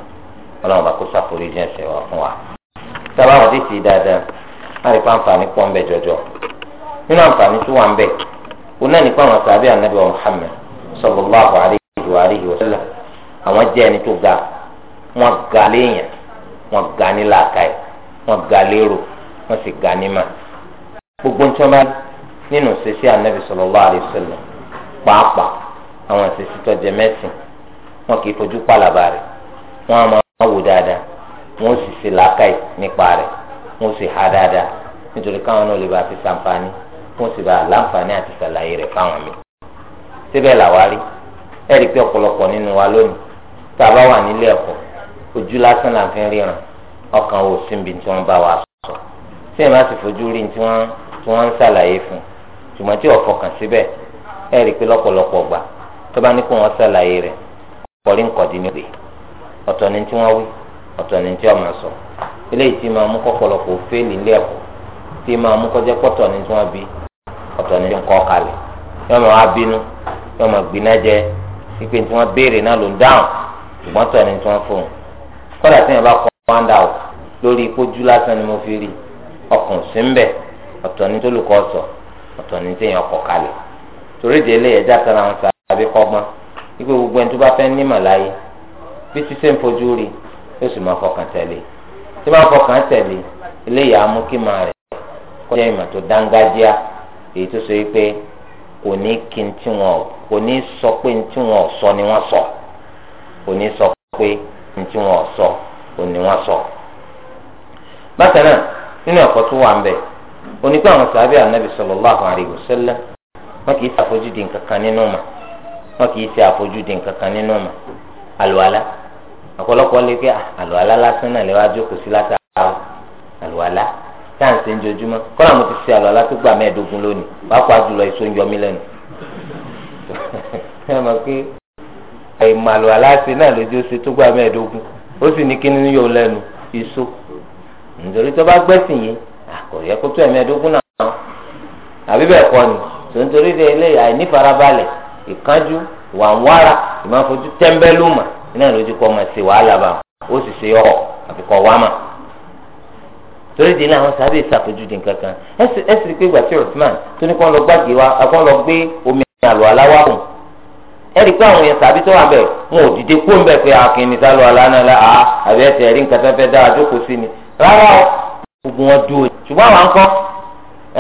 ọlọ́wọ́ bá kó ṣàforí jẹ́ ẹsẹ̀ wà fún wa. sábà wọn ti sì dáadáa wọn rí pàǹfààní pọ̀ ń bẹ jọjọ nínú àǹfààní tó wà ń bẹ òun náà nípa àwọn sàbí ànábì wa Muhammad sallallahu alayhi wa alihi wa sallam àwọn jẹ́ ẹni tó ga wọn ga léèyàn wọn ga ní làákàyè wọn ga lérò wọn sì ga nímà gbogbo ntọ́ba sallallahu alayhi wa pàápàá àwọn àṣìṣe tọjẹ mẹsìn wọn kì í fojú pàlàbà rẹ̀ wọn a máa wò dáadáa wọn ó sì ṣe làákàyè nípa rẹ̀ wọn ó sì há dáadáa nítorí káwọn náà lè bá fi ṣàǹfààní wọn sì bá láǹfààní àti ṣàlàyé rẹ̀ fáwọn mi. síbẹ̀ làwárí ẹ̀rí pé ọ̀pọ̀lọpọ̀ nínú wa lónìí tá a bá wà nílé ẹ̀kọ́ ojú lásán là ń fi ríran ọkàn ò síbi tí wọ́n bá wa sọ tí ẹ̀ má sì fojú rí tí wọ́n ń ṣàlàyé fún ṣùgbọ́n tí ọ̀fọ̀kàn síbẹ̀ ẹ rí pé lọ́pọ̀lọpọ̀ gbà tó bá ní kó wọn ṣàlàyé ni tí wọ́n wí ọ̀tọ̀ ni tí wọ́n sọ eléyìí tí máa mú kọ́pọ̀lọpọ̀ fẹ́ẹ̀lì ilé ẹ̀kọ́ tí máa mú kọjá pọ̀tọ̀ ni tí wọ́n bí ọ̀tọ̀ ni tí wọ́n kọ́ kalẹ̀ yọ́n máa bínú yọ́n máa gbiná jẹ tí wọ́n béèrè náà ló ń dáhùn ṣùgbọ́n tọ̀ ni tí wọ́n fóun ni mo fi rí ọkùn sí ń bẹ̀ ọ̀tọ̀ ni tó lù kọ́ sọ ọ̀tọ̀ ni tí torí de ilé ẹja tara wọn sàbí kọ́gbọ́n wípé gbogbo ẹni tó bá fẹ́ ní màláyé bí sísè ń fojú rí yóò sì máa fọkàn tẹ̀lé tí máa fọkàn tẹ̀lé ilé tó dángájíá èyí tó sọ wípé kò ní kí n ní sọ pé n tí wọn ni wọn sọ kò ní nínú tó wà ń bẹ̀ onípẹ́ àwọn sàbí ànábì wọn kì í ṣe àfojúdi nǹkan kan nínú mà wọn kì í ṣe àfojúdi nǹkan kan nínú mà àlùwàlá ọ̀pọ̀lọpọ̀ lè pé ah, àlùwàlá lásán náà lè wá jókòó sí látàá àlùwàlá táǹsì ń jojúmọ́ kọ́nà mo ti ṣe àlùwàlá tó gbà mẹ́ẹ̀ẹ́dógún lónìí wàá kó àjùlọ èso ń yọmí lẹ́nu ẹ mọ̀ pé àìmọ̀ àlùwàlá ṣe náà lójú ó ṣe tó gbà mẹ́ẹ̀ẹ́dógún ó sì ní kí nínú yọ lẹ́nu iṣó nítorí tó bá gbẹ́sìn yìí àkọ̀yẹ́ kó tó ẹ̀mẹ́ẹ̀dógún náà àbí bẹ́ẹ̀ kọ́ ni tontorí de eléyà àìnífarabalẹ̀ ìkánjú wàǹwàrà ìmáfojú tẹ́ḿbẹ́lúmà iná lójú kọ́ máa ṣe wàhálà bá ó sì ṣe ọ̀ àfikọ́ wàmà torí de náà àwọn sábẹ́ ìṣàfojú di nǹkan kan ẹ sì pé gbàtí Usman tó ní kó lọ gbàgbé wa kó lọ gbé omi àlọ́ aláwọ̀ kù ẹ rí i pé àwọn yẹn sábẹ́ tó wà bẹ̀ wọn ò dìde kó ń bẹ̀ pé akínní ah, sálọ aláná la àá rí nǹkan tó fẹ́ dára jókòó sí ni rárá o wọn dúró ṣùgbọ́n àwọn akọ́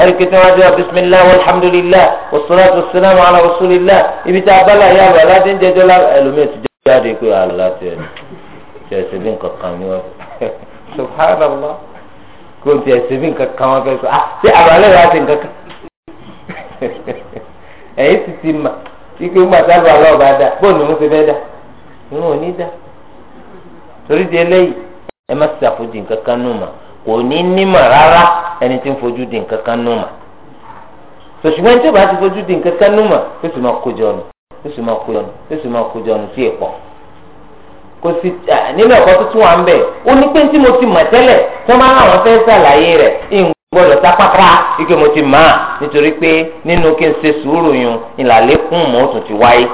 ẹ̀rí pé tí wọ́n jẹ́ bisimilá alhamdulilá wasalaatu wasalaamu ala rasulilá ibi tí abala yà wà aládé ń jẹjọ́ ẹlòmíì ti jẹ́ jáde pé aláàtì ẹ̀ ṣe ẹ̀sìn bí nǹkan kan ní wọn subhanallah kò tí ẹ̀sìn bí nǹkan kan wọn fẹ́ sọ ah ṣé àbálẹ̀ wà á ti nǹkan kan ẹ̀yìn ti ti mà ike ń gbàtà lọ àlọ́ ọba dá bóònù ń fi bẹ́ẹ̀ dá ìwọ̀n ò ní dá torí di eléyìí kò ní nímọ̀ rárá ẹni tí ń fojú di nǹkan kan nù mà sòṣùgbọ́n ẹni tí ó bá ti fojú di nǹkan kan nù mà ó sì máa kó jọ nù ó sì máa kó jọ nù ó sì máa kó jọ nù sí èpọ̀ kò sí nínú ẹ̀kọ́ tuntun wa ń bẹ̀ ó ní pé tí mo ti mọ̀ tẹ́lẹ̀ tí wọ́n bá láwọn fẹ́ ṣàlàyé rẹ̀ ń gbọ́dọ̀ sápákà ike mo ti mọ̀ nítorí pé nínú kí n ṣe sùúrù yun ìlàlékún mọ́ tún ti wáyé.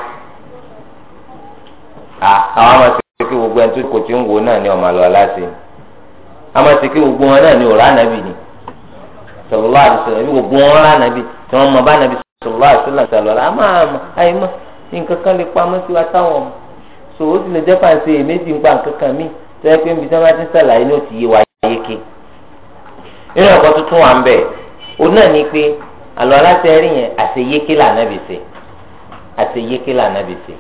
àwọn ọmọ sí pé gbogbo ẹni tó kò tí ń wo náà ni ọmọ àlọ́ aláṣẹ ni àmọ́ ti kí gbogbo wọn náà ní ọ̀rọ̀ ànábì ni sọlọ́lá àdìsọ́lá ẹbí gbogbo wọn rà ànábì tí wọ́n mọ bá ànábì sọlọ́lá àdìsọ́lá sọlọ́lá àmọ́ àyèmọ́ nǹkan kan lè pamọ́ sí wa táwọn ọmọ so ó sì lè jẹ́ pàṣẹ èméjì ń pa nǹkan kan míì tó yẹ pé níbi tí wọ́n bá ti ń sàlàyé ní òtí yé wa yéke nínú ẹ̀kọ́ tuntun wa ń bẹ̀ ó náà ní pé àlọ́ alátẹ̀rí yẹn àṣeyéke lànàbì ṣe àṣeyéke lànàbì ṣe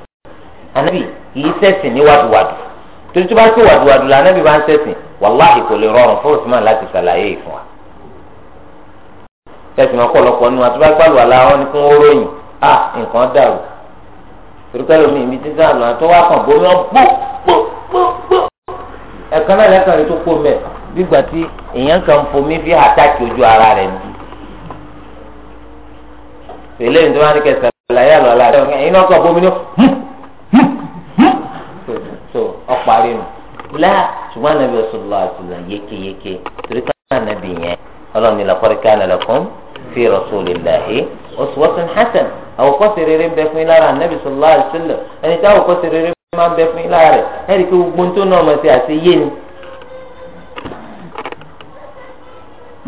ànàbì kì í ṣẹ̀sìn ní wàdùwàdù torí tó bá tó wàdùwàdù la anábì bá ń sẹ̀sìn wàláhì kò lè rọrùn fún Usman láti ṣàlàyé ìfún wa. ẹ̀sìn ọ̀pọ̀lọpọ̀ nínú àti bá pàlù àlà ni kí wọ́n ròyìn à nǹkan dàrú torí pẹ́lú mi ìbí títà lọ́nà tó wá kàn bómi wọn bó bó bó bó. ẹ̀kan náà lẹ́kàn rí tó kó mẹ́ gbígbà tí èèyàn kan fomi bí àtàkì ojú ara rẹ̀ ni. pèlè ìdúrà ní kẹsàn-án parí nù la ṣùgbọ́n anabi ọ̀ṣọ́lá àtúnlá yékéyéké torí ká anabi yẹn ọlọ́run ní laqad kana lakum fi rasulillahi uswatun hasan àwòkọ́ṣe rere ń bẹ fún yín lára anabi sallallahu alaihi wasallam ẹni tí àwòkọ́ṣe rere máa ń bẹ fún yín lára rẹ̀ ẹni tí gbogbo tó náà mọ̀ sí àti yé ni.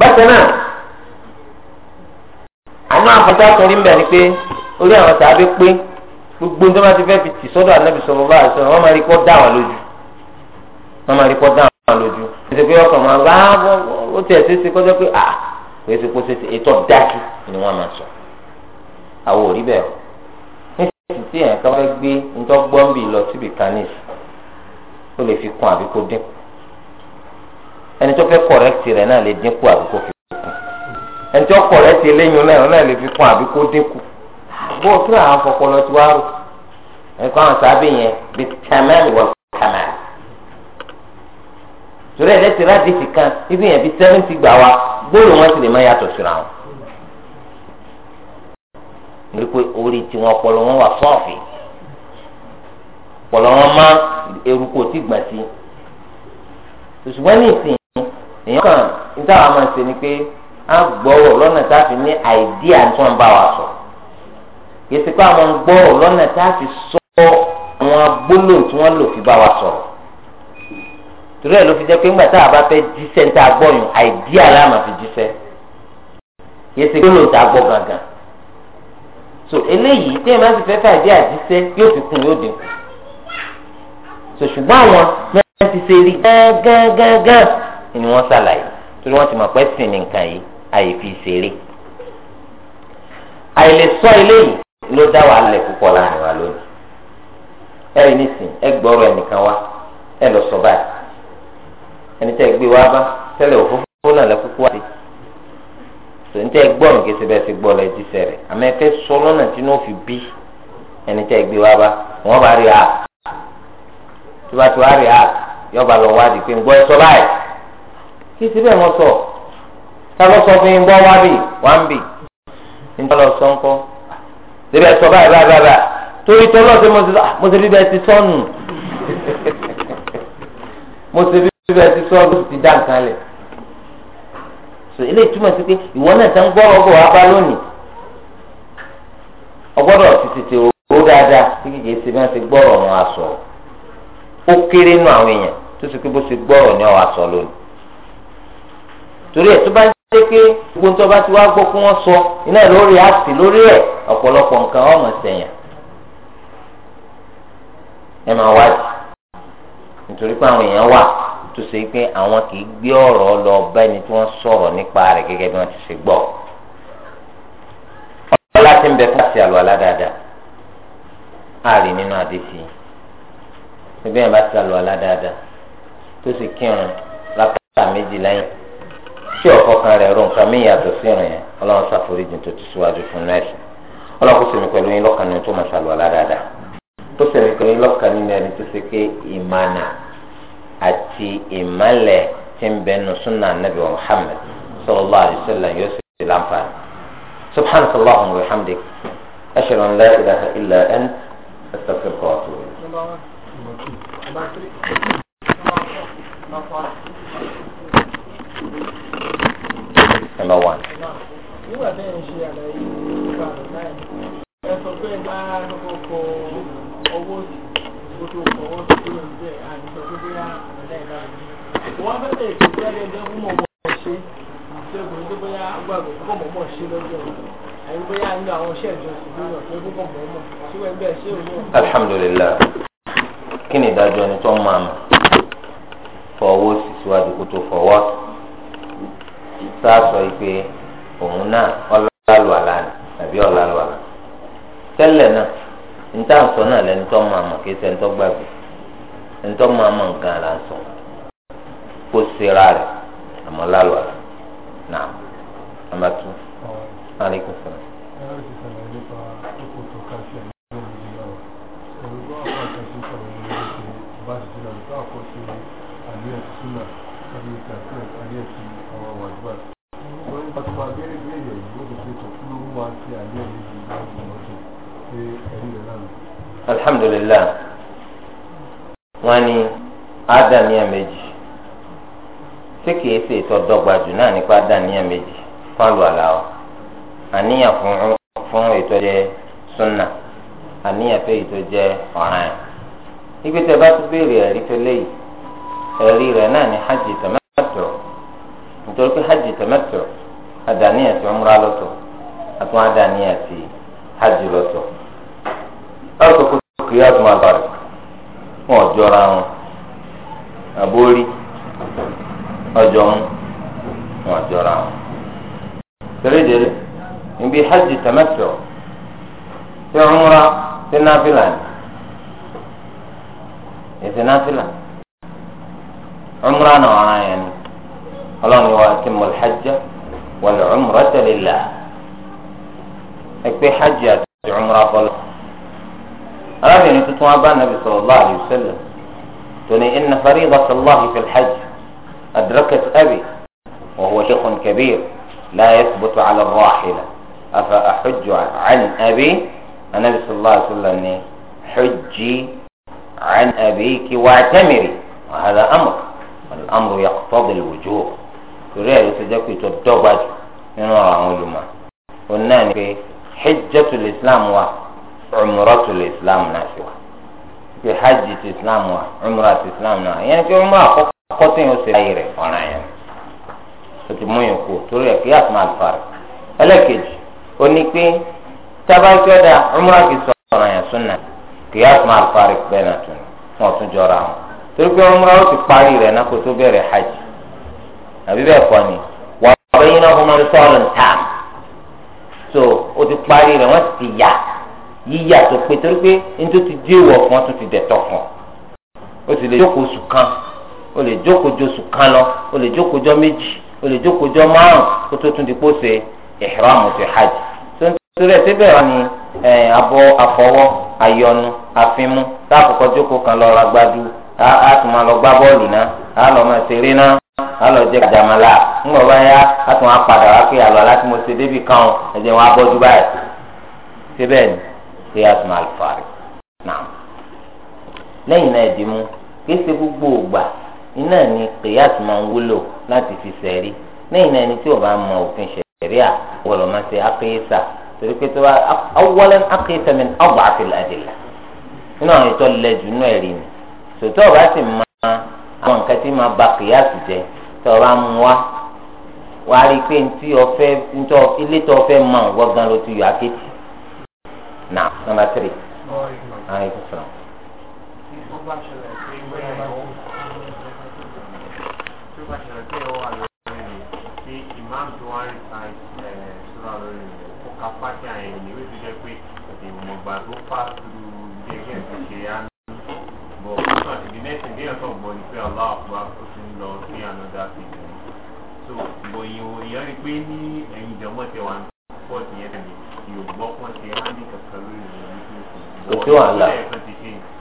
bákan náà àwọn àfọ̀tá kan rí ń bẹ ni pé orí àwọn tàbí pé gbogbo tó bá ti fẹ́ fi tì sọ́dọ̀ anabi sallallahu alaihi wọ́n máa rí kó dá wọn lójú wọn máa rí kọ́ dáhùn àwọn lójú ètò pé ọkàn máa bá ó tiẹ̀ ṣeéṣe kọjá pé ah ètò kó ṣeéṣe ètò dájú ni wọ́n máa sọ àwọn ò rí bẹ́ẹ̀ o nítorí tí èèyàn kan fẹ́ gbé ntọ́gbọ́nbì lọ síbi kanis ó lè fi kún àbí kó dínkù ẹni tó fẹ́ kọ̀rẹ́tì rẹ̀ náà lè dínkù àbí kó fi kún ẹni tó kọ̀rẹ́tì eléyìn náà náà lè fi kún àbí kó dínkù bó o kí àwọn afọpọlọ ti wá rò ẹ̀kọ́ àwọn sábẹ́ yẹn bí tẹ̀mẹ́lì wọ̀ torí ẹ̀ lẹ́tìrì àdìsí kan ibi yẹn bí sẹ́fẹ̀ntì gbà wá gbóòlù wọn sì lè má yàtọ̀ síra wọn. nítorí pé orí tiwọn ọpọlọ wọn wà sọ́ọ̀fì ọpọlọ wọn má eruku òtí gbà sí. ṣùgbọ́n ní ìsìn èèyàn kan níta àwọn máa ń ṣe ni pé a gbọ́rọ̀ lọ́nà tá a fi ní àìdíà tí wọ́n bá wa sọ. kì ṣe pé àwọn gbọ́rọ̀ lọ́nà tá a fi sọ àwọn gbólóhùn tí wọ́n lò fi bá wa sọ̀rọ̀ torí ẹ̀ ló fi jẹ́ pé ńgbà tá a bá fẹ́ jíṣẹ́ ń tá a gbọ́ yùn àìdíà láàmà fi jíṣẹ́ yìí ṣe gbólóhùn tá a gbọ́ gangan so eléyìí tí ẹ máa ń fẹ́ fẹ́ àìdíà jíṣẹ́ yóò fi kún yóò dínkù so ṣùgbọ́n àwọn mẹ́rin ti ṣe rí gángángángán ni wọ́n ṣàlàyé torí wọ́n ti mọ̀ pé sìn ní nǹkan yìí àyè fi ṣeré àìlèsọ eléyìí ló dá wàá lẹ̀ púpọ̀ láàrin wa lónìí ẹ̀rí nísìn ẹ gbọ́rọ̀ ẹnìkan wá ẹ lọ sọ báyìí ẹni tẹ́ gbé wá bá tẹ́lẹ̀ òfófó náà lẹ́ kúkú wá sí tò ní tẹ́ gbọ́ nǹkan ṣe bẹ́ẹ̀ ṣe gbọ́ lẹ́ jíṣẹ́ rẹ̀ àmọ́ ẹ fẹ́ sọ lọ́nà tí wọ́n fi bí ẹni tẹ́ gbé wá bá wọ́n bá rí àt tí wọ́n ti wá rí àt yọba lọ wádìí pé ń gbọ́ ẹ báyìí kí ti bẹ́ẹ̀ sọ ta sọ fún yín gbọ́ wá bì wá ń bì níta lọ sọ ńkọ́ síbẹ̀ sọ báyìí báyìí báyìí torí tọ́lọ́ sí ah, mo ti rí bẹ́ẹ̀ ti sọ́nù <laughs> mo ti rí síbẹ̀ tí sọ́ọ̀bù ti dá nǹkan lẹ̀ so ilé ìtumọ̀ sí pé ìwọ náà ń gbọ́ ọgbọ́ wa bá lónìí ọgbọ́dọ̀ ti tètè owó dáadáa tí kìkì ṣe bí wọ́n ti gbọ́rọ̀ wọn ó kéré àwọn èèyàn tó sì bá ti wá gbọ́ sọ iná lórí àti àwọn èèyàn wà tó ṣe pé àwọn kì í gbé ọ̀rọ̀ lọ bá ẹni tí wọ́n sọ̀rọ̀ nípa rẹ̀ gẹ́gẹ́ bí wọ́n ti ṣe gbọ́. ọlọ́lá ti ń bẹ fún àti àlọ́ aládáadáa á rí nínú àdéfì ẹgbẹ́ yẹn bá ti àlọ́ aládáadáa tó sì kírun lápá méjì lẹ́yìn tí ọ̀kọ́ kan rẹ̀ rò nǹkan mí yàtọ̀ sí ìrìn yẹn ọlọ́run ṣàforíjì tó ti síwájú fún nọ́ọ̀sì ọlọ́run kò sèmi pẹ̀lú yín lọ́kàn nínú tó máa ṣàlùwà ládáadáa tó sèmi pẹ̀lú yín lọ́kàn nínú ẹni tó ṣe pé ìmànà àti ìmọ̀lẹ̀ tí ń bẹnu súnà nàbì wa muhammed sallallahu alayhi wa sallam yóò sì láǹfààní. subhanahu wa ta'ala wa hamdik ashhadu an la ilaha illa ant astaghfiruka wa atubu Number one. Nígbà tí ẹ̀ ń ṣe àlàyé nípa àlọ́ náà, ẹ sọ pé máa kókó kó. tó fọwọ́ sí kúrò níbẹ̀ àdìgbò tó bí àmọ́lẹ́ ìlànà wọ́n bẹ̀rẹ̀ ètò jáde ẹgbẹ́ fún mọ̀mọ́ ṣe ṣẹ́gun tó bóyá gbàgbọ́ fún mọ̀mọ́ ṣe lọ́jọ́ àyè bóyá nínú àwọn iṣẹ́ ìjọsìn lórí ọ̀fẹ́ fún mọ̀mọ́ ṣé wọ́n ẹgbẹ́ ṣé òun. alhamdulillah kí ni ìdájọ́ ẹni tó máa mọ̀ fọwọ́ sí síwájú kó tó fọwọ́ sáà pé òun náà ọlọ́lá lù tàbí ọ̀lá lù tẹ́lẹ̀ náà níta ń sọ náà lẹni tó máa mọ̀ kí ṣe ń tọ́ gbàgbé ẹni tó máa mọ̀ nǹkan là sọ kó sera rẹ̀ àmọ́ lálọ́ àlà náà àmàtú alaikum salaam. alhamdulillah wọn ni adaniya méjì tí kìí ṣe jù náà nípa adaniya aláwọ àníyàn fún fún ètò jẹ súnà àníyàn fún ètò jẹ ibi tẹ bá béèrè ni hajj nítorí pé hajj adaniya ti lọ́tọ̀ ti hajj lọ́tọ̀. alùpùpù kìyàtú máa bá rẹ̀ wọn ò jọra wọn àbórí ọjọ́ wọn wọn ò jọra wọn. tẹ̀lédèrè níbi hajj ọ ṣé ọmúra ṣé náfìlà ni ètè náfìlà ọmúra náà ọ̀ràn yẹn ni ọlọ́run wa ti mọ̀ hajj wọn wal umrata lillah ẹ pé hajj àti ọmúra fọlọ́. arábìnrin tuntun wa bá nàbì sallallahu alayhi wa sallam tóní inna faridata Allahi fil hajj adrakat abi wa huwa shaykhun kabir la yathbutu ala rahila afa ahujju an abi anabi sallallahu alayhi wa sallam ni hujji عن أبيك واعتمري وهذا أمر والأمر يقتضي الوجوب تريد تجاكي تدوبج من وراء علماء والناني حجة الإسلام واحد umratul islam náà sí wa pé hajj ti islam wa umra ti islam náà ìyẹn pé umra àkọ́kọ́ tí yóò ṣe láyé rẹ̀ ọ̀ràn yẹn o ti mú yòókù torí ẹ̀ kí yàtọ̀ máa fara ẹlẹ́kejì ó ní pé tábàkẹ́ da umra kì í sọ ọ̀ràn yẹn súnà kì yàtọ̀ máa fara bẹ́ẹ̀ náà tún wọn tún jọra wọn torí pé umra ó ti parí rẹ̀ náà kó tó bẹ̀rẹ̀ hajj àbí bẹ́ẹ̀ kọ́ ni wà á bẹ̀yìn náà fún mi sọ́ọ̀rọ̀ ntàm so o ti parí rẹ̀ wọ́n ti yà yíyàtọ̀ pé torí pé nítorí ti dé ìwọ̀ fún ọ tó ti dẹ̀tọ̀ fún ọ o sì lè jókòó oṣù kan o lè jókòó oṣù kan lọ o lè jókòó ọjọ́ méjì o lè jókòó ọjọ́ márùn kó tó tún di pò ṣe ìhìrámù ti hajj tó ń torí ẹ síbẹ̀ wọn ni abọ́ afọwọ́ ayọnu àfimú láàkókò jókòó kan lọ ra gbadu tún máa lọ gbá bọ́ọ̀lù náà a lọ máa ṣeré náà a lọ jẹ gàdàmàlà ńgbọ báyà a tún á padà wá pé àlọ́ aláti mo ṣe débì kan ẹ̀jẹ̀ wọn abọ́jú báyìí síbẹ̀ ni qiyas ma al-farid náà lẹ́yìn náà ẹ̀dín mú kése gbogbo ògbà iná ni qiyas máa ń wúlò láti fi sẹ̀rí lẹ́yìn náà ẹni tí ò bá mọ òfin ṣẹ̀rí à wọ̀lọ́ máa ṣe àkéésà torí pé tó bá awwalan àkéésà min ad'af al-adilla nínú àwọn ètò lẹ́jù náà ẹ̀rí ni sòtọ́ ọ̀bá sì máa àwọn nǹkan tí máa ba qiyas jẹ tó ọ̀bá mú wa wàá rí i pé ntí ọ̀fẹ́ ntọ́ ilé tó ọ̀fẹ́ mọ̀ wọ́n ló ti yọ akéèti Now, number three. Aleykum salaam. So, boy, you, you're a the kò sí wàhálà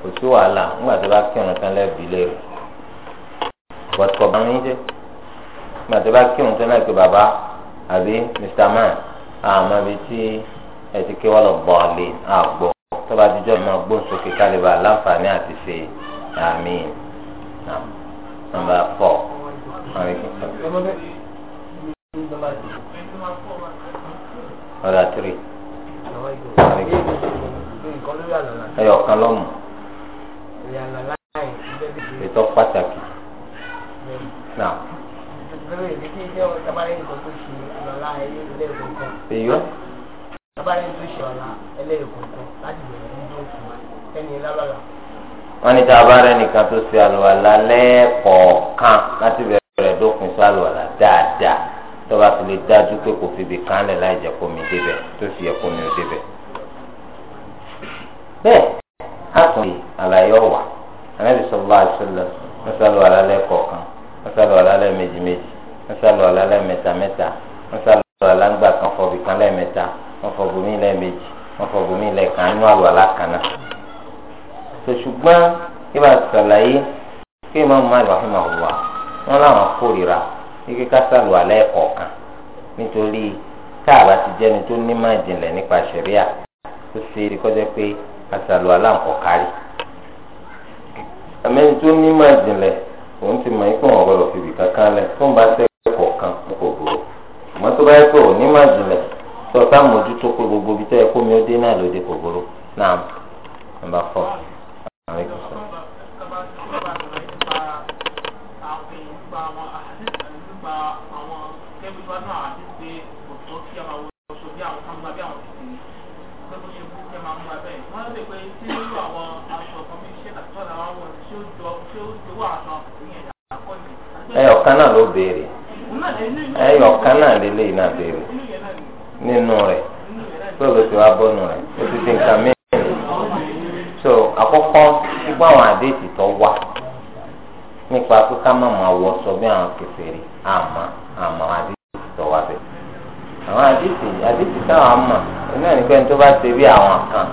kò sí wàhálà nígbà tó bá kírun tán lẹ́bi lé rẹ̀ bọ́tùkọ̀ bá mi jẹ́ nígbà tó bá kírun tán lẹ́bi bàbá àbí mr man àmọ́ bíi tí ẹ ti kí wọ́n lọ bọ̀ lé àgbọ̀ tó bá dijọ́ ìmọ̀ gbóǹsókè kálíbà láǹfààní àti ṣe àmì nàmbà fọ́ ọ̀dà tírì ẹyọ kan lọ́mù ètò pàtàkì náà. èyí ó. wọ́n ní tá nìkan tó ṣe àlùwàlá lẹ́ẹ̀kọ̀ọ̀kan láti bẹ̀rẹ̀ dópin sí àlùwàlá dáadáa tó fi lè dájú pé kò fi ibì lẹ̀ láì jẹ́ kómi débẹ̀ tó fi yẹ kómi ò débẹ̀. bẹ́ẹ̀ àtúnṣe àlàyé ọ̀wà ànábì sallallahu alaihi wasallam mọ́sálù alálẹ́ kọ̀ọ̀kan mọ́sálù alálẹ́ méjì mọ́sálù kan fọ̀bì kan lẹ́ẹ̀mẹ́ta wọ́n fọ̀bù mí lẹ́ẹ̀mejì wọ́n fọ̀bù mí lẹ́ẹ̀kan inú àlọ́ alákanná. ṣùgbọ́n ibà sàlàyé kí imam Malik rahimahullah àtàlù aláǹkọ̀kárí àmẹ́ni tó ní máa jìnlẹ̀ òun ti mọ̀ ikú wọn gbọ́dọ̀ fi bìkan kan lẹ̀ tó ń bá sẹ́kọ̀ọ́ kan kò burú àmọ́ tó bá yẹ pé òun ní máa jìnlẹ̀ tó ọ̀tá mójútó pé gbogbo ibi tó yẹ kó mi ó dé náà lóde kò burú náà nàmbà fọ́ àwọn ẹyọ kan náà ló béèrè ẹyọ kan náà lè n'inu béèrè nínú rẹ̀ tó ló ti wá bọ́nu mee ó so àkọ́kọ́ gbọ́ àwọn àdéhìí tó wá nípa pé ká má máa wọ sọ bí àwọn kèfèrí àmọ́ àmọ́ àdéhìí tó wá bẹ́ẹ̀ àwọn àdìsí àdìsí táwọn àmà iná nípa ẹni tó bá ṣe bí àwọn kan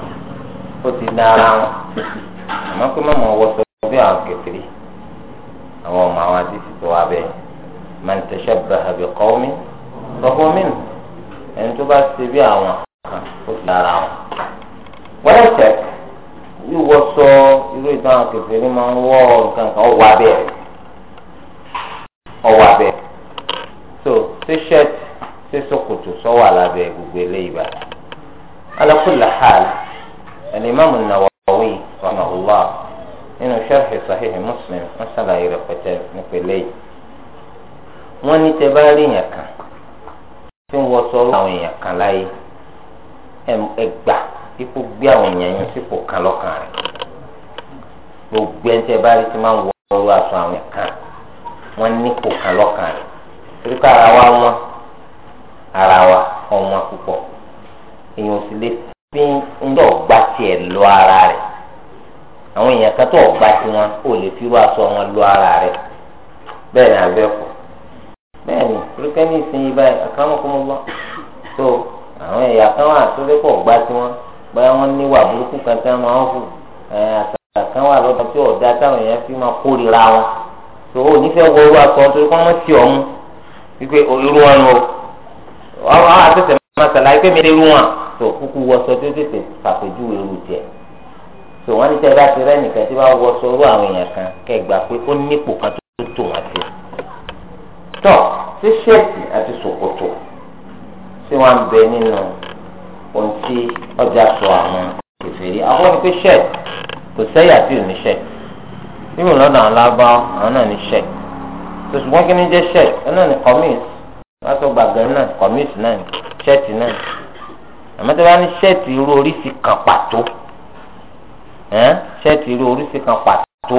ó ti dára wọn àmọ́ pé mọ̀mọ́ wọ sọ bí àwọn àwọn ọmọ àwọn àti ìsìtò wa bẹ́ẹ̀ man tashabbaha bi qawmin fahuwa minhum ẹni tó bá ṣe bí àwọn kan ó ti lára wọn. wọ́n yẹ tẹ̀ wíwọ sọ irú ìtàn àwọn kẹfẹ́rí máa ń wọ nǹkan kan ọwọ́ abẹ́ ọwọ́ abẹ́ so ṣé ṣẹ́ẹ̀tì ṣé ṣòkòtò sọ́wọ́ alábẹ́ gbogbo eléyìí báyìí. ala kulli hal al-imam an-Nawawi rahimahullah. nínú sẹ́ẹ̀fì sàhíhì Muslim wọ́n ṣàlàyé rẹpẹtẹ nípele yìí wọ́n ní tẹ bá rí kan tí ń wọṣọ àwọn èèyàn kan láyé ẹgbà ipò gbé àwọn èèyàn yẹn sípò kan lọ́kàn rẹ̀ gbogbo ẹni tẹ bá rí tí máa ń wọ aṣọ àwọn èèyàn kan wọ́n nípò lọ́kàn rẹ̀ ara wa wọn ara wa ọmọ púpọ̀ èèyàn ò àwọn èèyàn kan tó ọgbà tí wọn ò lè fi irú aṣọ wọn lọ ara rẹ bẹ́ẹ̀ ni abẹ kọ bẹ́ẹ̀ ni pírípẹ ní ìsinyìí báyìí àkàmọkọmọgbọ tó àwọn ẹ̀yà kan wà tó fẹ́ kọ ọgbà tí wọn báyà wọn níwà burúkú kan tí wọn máa ń hù ẹ àṣà kan wà lọ́dọ̀ tí ọ̀dà táwọn èèyàn fi máa kórìíra wọn tó o nífẹ̀ẹ́ wọ irú aṣọ tó kọ́ mọ́ sí ọmú wípé irú wọn o àwọn àtẹ̀tẹ̀ máa ṣàlàyé pé mi lè rú wọn tó kúkú wọ aṣọ tó tètè ṣàpèjúwe irú tiẹ̀ tò wọ́n ní tẹ́ bá ti rẹ́ nìkan tí wọ́n wọ sọ́rọ́ àwọn èèyàn kan kẹ́ gbà pé ó nípò kan tó tò wọ́n sí. tọ́ sí ṣẹ́ẹ̀tì àti ṣòkòtò tí wọ́n ń bẹ nínú ohun tí ọjà sọ àwọn kèfèrí àwọn ní pé ṣẹ́ẹ̀tì kò sẹ́yà tí ò ní ṣẹ́ẹ̀tì nínú lọ́dọ̀ àwọn lábá àwọn náà ní ṣẹ́ẹ̀tì tó ṣùgbọ́n kí ni jẹ́ ṣẹ́ẹ̀tì ẹ náà ní kọ́míìsì wọ́n sọ gbàgbẹ́ náà kọ́míìsì náà ṣẹ́ẹ̀tì náà àmọ́ tí wọ́n ní ṣẹ́ẹ̀tì irú oríṣi kan pàtó ẹ ṣẹ́ẹ̀tì irú oríṣi kan pàtó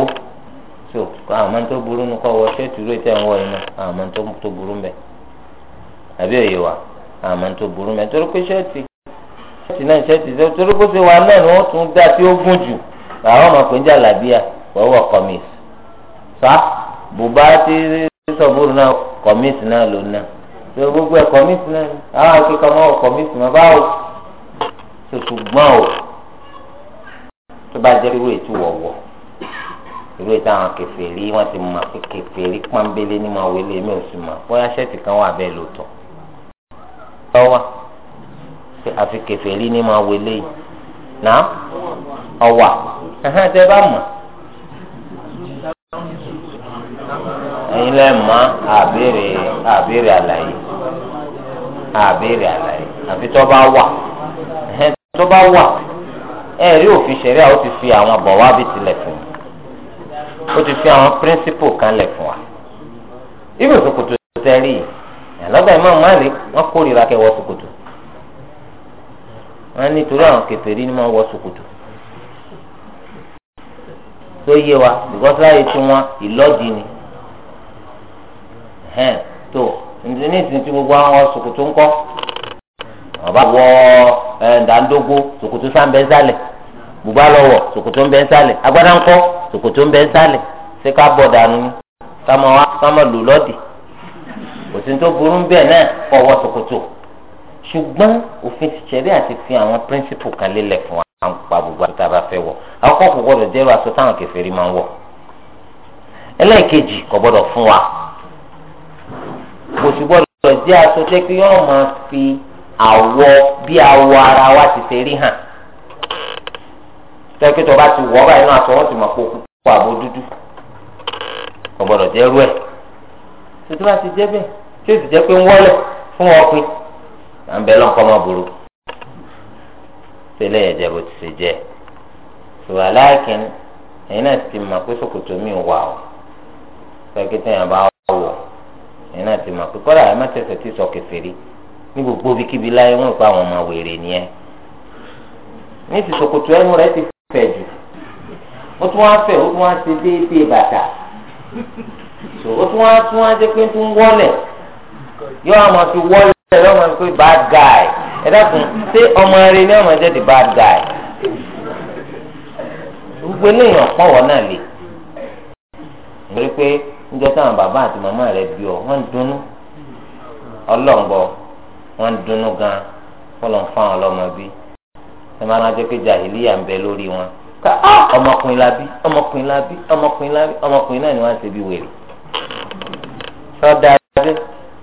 so àwọn ọmọ tó burú nu kọ́ wọ ṣẹ́ẹ̀tì irú ètò ẹ̀wọ̀n yìí náà àwọn ọmọ tó burú mbẹ àbí òye wa àwọn ọmọ tó burú mbẹ torí pé ṣẹ́ẹ̀tì ṣẹ́ẹ̀tì náà ṣẹ́ẹ̀tì torí pé ṣe wa náà ni wọ́n tún dá tí ó gùn jù àwọn ọmọ pé ń jà làbíyà wọ́n kọ́mìs fa bùbá tí náà kọ́mìs náà ló ná so gbogbo ẹ̀ kọ́mìs náà àwọn akẹ́kọ̀ọ́ tó bá jẹ́ irú ètò wọ̀wọ̀ irú ètò àwọn kèfèrí wọ́n ti mọ pé kèfèrí pọ́nbélé ní máa wọlé mi ò sì mọ̀ bóyá ṣẹ́ẹ̀tì kan wà bẹ́ẹ̀ lóòótọ́ lọ́wọ́ pé àfi kèfèrí ní máa wọlé yìí náà ọ̀wà ẹ̀hán tẹ́ bá mọ̀ ẹ̀yin lẹ́ mọ̀ àbèrè àbèrè àlàyé àbèrè àlàyé àfi tó bá wà ẹ̀hán tó bá wà ẹ rí òfin ṣẹ̀ríà ó ti fi àwọn bọ̀ wá bí tilẹ̀ fún ó ti fi àwọn píríncípù kan lẹ̀ fún wa ibi òsòkòtò tẹ́rí ìyàlọ́gbà ìmọ̀ máàlì wọ́n kórìíra kẹ́ wọ ṣòkòtò wọ́n nítorí àwọn kèfèrí ni wọ́n wọ ṣòkòtò tó yé wa bìkọ́sí láyé tí wọ́n ìlọ́dì ni tó ní ìsìn tí gbogbo àwọn ṣòkòtò ń kọ́ ọba wọ ẹ dandogo ṣòkòtò sáńbẹ nsàlẹ̀ bùbá lọ́wọ́ ṣòkòtò ń bẹ nsàlẹ̀ agbádá ńkọ́ ṣòkòtò ń bẹ nsàlẹ̀ ṣé ká bọ̀ dànù ni kámọ wa kámọ lò lọ́dì òsín tó burú ń bẹ náà fọwọ́ ṣòkòtò ṣùgbọ́n òfin ti ṣẹ̀rí àti fi àwọn píríncípù kan lélẹ̀ fún wa à ń pa gbogbo àti tàbá fẹ́ wọ̀ akọ́kọ́ kò gbọ́dọ̀ jẹ́rú aṣọ táwọn kèfèrí máa ń wọ̀ ẹlẹ́ẹ̀kejì kò gbọ́dọ̀ fún wa kò sì gbọ́dọ̀ jẹ́ aṣọ tẹ́ pé máa fi awo bí àwọ̀ ara wa ti ṣe hàn tẹ́kí tó ti wọ́ báyìí ti mọ̀ kó kó àbò dúdú kò jẹ́ rú ẹ̀ tuntun bá ti jẹ́ bẹ́ẹ̀ tí sì jẹ́ pé ń fún wọn à ń bẹ lọ́nkọ́ ọmọ burú tẹ́lẹ̀ ẹ̀jẹ̀ bó ti ṣe jẹ́ ṣùgbọ́n aláìkín ẹ̀yin náà ti mọ̀ pé mi wà ó bá wọ̀ ní gbogbo bíkíbi láyé wọn pa àwọn ọmọ wèrè nìyẹn ní ti ṣòkòtò ẹnu rẹ ti fẹ̀ jù ó tún wá fẹ̀ ó tún wá ṣe déédéé bàtà ó tún wá tún wá pé tún bad guy ẹ dákun ṣé ọmọ rẹ ni ọmọ bad guy gbogbo eléyàn pọ̀wọ́ náà lè nítorí pé níjọ́ táwọn bàbá àti màmá ọ wọ́n dunnú wọ́n ń dunnú gan fọlọ́ ń fáwọn ọlọ́mọ bí ẹ máa rájọ pé jàhìlíyà ń bẹ lórí wọn ká ọmọkùnrin labí ọmọkùnrin labí ọmọkùnrin labí ọmọkùnrin náà ni wọ́n ń ṣe bí wèrè sọ́dà abẹ́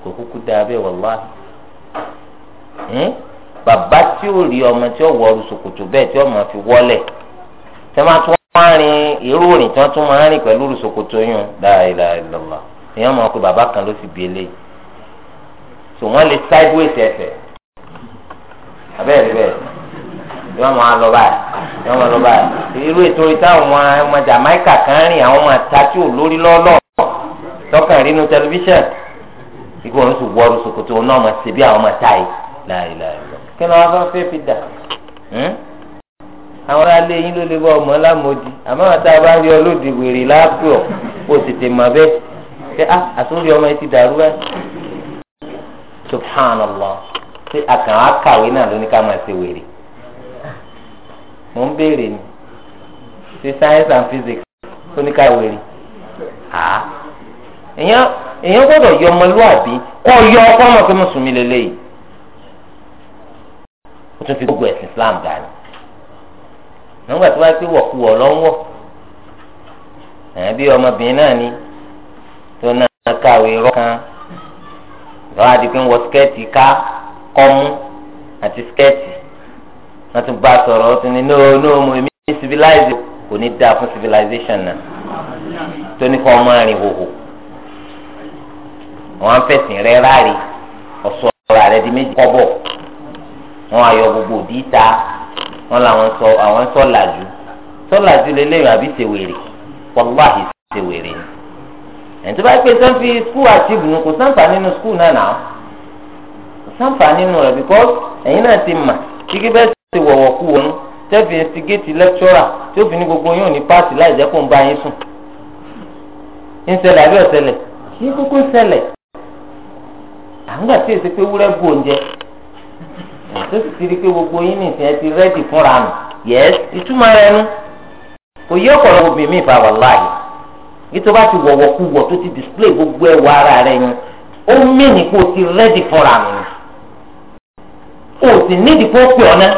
kò kúkú dá abẹ́ wàláhì bàbá tí ó rí ọmọ tí ó wọrú ṣòkòtò bẹ́ẹ̀ tí ọmọ fi wọlẹ̀ tí wọ́n tún wá rin irú òrìn tí wọ́n tún máa ń rìn pẹ̀lú ṣòkòtò yún dáadáa lọ́la ìyẹn mọ̀ pé bàbá kan ló sì bí eléyìí tò wọ́n lè sideways ẹsẹ̀ abẹ́rẹ́ bẹ́ẹ̀ ni wọ́n máa lọ báyìí ni wọ́n máa lọ báyìí irú ètò ìta àwọn ọmọ Jamaica kan rìn àwọn ọmọ àtàtù lórí lọ́lọ́ tọkàn rínú tẹlifíṣàn ìgbà wọn sì wọrù ṣòkòtò wọn náà máa ṣe bí àwọn ọmọ táyì láìláì kí ni wọn bá fẹ́ fi dà hm? àwọn alẹ́ yín ló lè bá ọmọ lámòdì àmọ́ àti àbá rí ọlọ́dì wèrè lápò ó tètè mọ̀ bẹ́ẹ̀ ṣé ah, àtúndì ọmọ subhanallah ṣé akàn kàwé náà ló ní ká máa ṣe wèrè mò ń béèrè ni ṣe science and physics ló ní ká wèrè àá èèyàn èèyàn yọ ọmọlúwàbí kó yọ ọkọ ọmọ pé mùsùlùmí lélẹ́yìí ó tún fi gbogbo ẹ̀sìn Islam dání nígbà tí wọ́n wọ bí ọmọbìnrin náà ni tó náà kàwé kan. lọ́wọ́ àti pé ń wọ skẹ́ẹ̀tì ká kọ́mú àti skẹ́ẹ̀tì wọ́n tún bá sọ̀rọ̀ ó tún ní no no mo èmi ní civilize kò ní dáa fún civilization náà tó ní kọ́ ọmọ rìn hòhò wọ́n á fẹ̀sìn rẹ ráre ọ̀sọ̀ ọ̀rọ̀ rẹ di méjì kọ́bọ̀ wọ́n ayọ̀ gbogbo òbí ta wọ́n làwọn sọ àwọn sọ̀làjú sọ̀làjú lélẹ́yìn àbí ṣèwèrè wàláhì ṣèwèrè ni ẹ̀ǹtí bá pè sàn fi skul àtìbù nù kò sànfà nínú skul náà nà ó kò sànfà nínú rẹ̀ because ẹ̀yin náà ti mà kíkí bẹ́ẹ̀ ti wọ̀wọ̀ kú wọnú tẹ́fì instigate lecturer tí ó fi ní gbogbo yóò ní pass láì jẹ́ kó ń bá yín sùn ń ṣẹlẹ̀ àbí ọ̀sẹlẹ̀ kí kúkú ń ṣẹlẹ̀ àǹgbà tí èsì pé wúrẹ́ bu oúnjẹ tó sì ti rí pé gbogbo yín nìsín ẹ ti rẹ́dì fúnra nù yẹ́s ìtumọ̀ rẹ̀ nu kò yí ọ̀pọ̀lọpọ̀ bìnmí ìfà wàláyé bí tó bá ti wọ̀wọ̀ kú wọ̀ tó ti display gbogbo ẹwà ara rẹ̀ yẹn ó mìíní kó o ti rẹ́dì fọ́ra mi o sì nídìí kó o pè ọ́ náà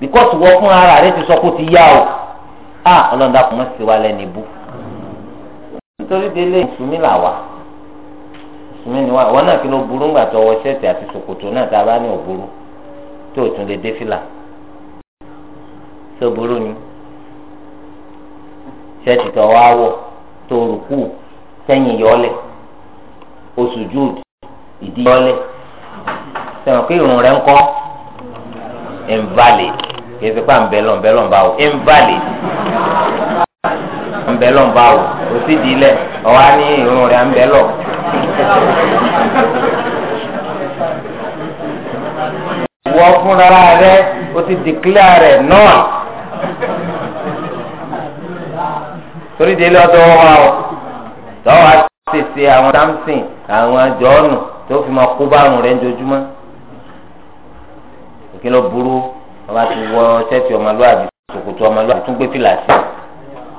because wọ́n fún ara rẹ̀ ti sọ kó o ti yá o a ọlọ́dà kò mọ̀ sí wa lẹ́nu ibú nítorí délé ìsúnmí là wà ìsúnmí ni wà wọn náà kí ló burú ńgbà tó wọ ṣẹ́ẹ̀tì àti ṣòkòtò náà tá a bá ní òburú tó o tún lè dé fìlà tó burú ni ṣẹ́ẹ̀tì tó wá wọ̀ tó rùkú sẹ́yìn yọ́lẹ̀ oṣù júùd ìdí yọ́lẹ̀ sẹ́wọ̀n kí irun rẹ̀ ń kọ́ invalid kìí ṣe pa ńbẹ́lọ̀ ńbẹ́lọ̀ ń bá wò invalid ńbẹ́lọ̀ ń bá wò kò sí ìdílẹ̀ ọ̀wá ní irun rẹ̀ ńbẹ́lọ̀. wọ́n fúnra rẹ̀ o ti dìklẹ́ rẹ̀ náà torí délé ọ̀dọ̀ wọn wá o tọwọ àtẹsẹ àwọn samson àwọn jọọnù tó fi máa kó bárùn rẹ njojúmọ́ òkè lọ burú ọba ti wọ ṣẹ́ẹ̀tì ọmọlúwàbí ṣòkòtò ọmọlúwàbí tún gbé fìlàsì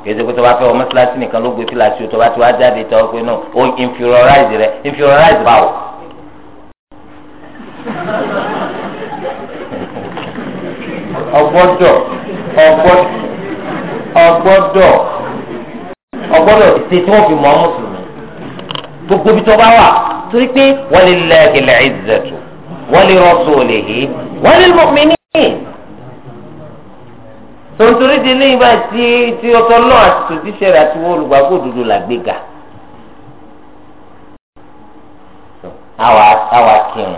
kèsì pé tó bá fẹ́ ọmọ síláṣí nìkan ló gbé fìlàsì tó bá ti wá jáde tó pé náà ó inferiorize rẹ inferiorize báwò. ọgbọ́dọ̀ ọgbọ́dọ̀ ọgbọ́dọ̀ ọgbọ́dọ̀ ṣe tí wọ́n fi mọ́ mùsùlùmí gbogbo ibi tó bá wà torí pé walillahi al-izzatu wa li rasulihi wa lil mu'minin tontori di lẹ́yìn báyìí tí tí ọtọ náà àti tòtíṣẹ́ rẹ̀ àti wọ́n olùgbàgbọ́ òdodo là gbé ga àwa kírun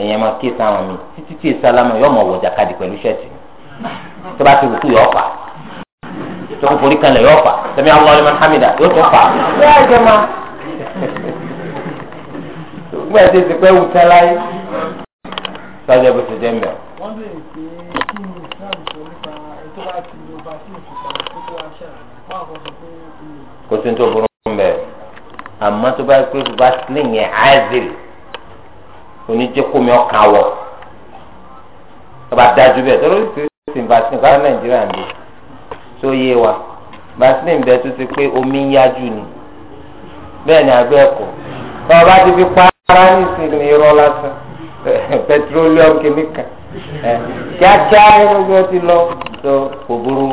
ẹ̀yin máa kí sáwọn mi títí tí èsì alámọ̀ yọ̀ ọmọ wọ̀jà kadì pẹ̀lú ṣẹ́ẹ̀tì tó bá ti wù kú yọ̀ pa tó ń forí kalẹ̀ yóò fà sami Allahu liman hamida yóò tó fà bẹ́ẹ̀ jẹ́ ma gbogbo ẹ̀ tètè pé wùtẹ́ láyé sọ́jà bó ti jẹ́ mbẹ́. wọ́n bèèrè pé kí ni islam sọ nípa ètò bá ti lo bá tí òkè kan tó tó aṣá wọn àkọsọ pé ilé. kò sí ní tó burú mbẹ àmọ́ tó bá pé bá sling yẹn aizil oníjẹkùnmi ọkàn wọ tó bá dájú bẹ́ẹ̀ tó ló ti ti bá tó yé wa vaseline bẹ tó omi ń yájú ni bẹ́ẹ̀ ni àgbẹ̀ ọba ti fi ara ní ìsinmi irọ́ lásán <laughs> petroleum kìnnìkan kíákíá gbogbo ti lọ tó kò burú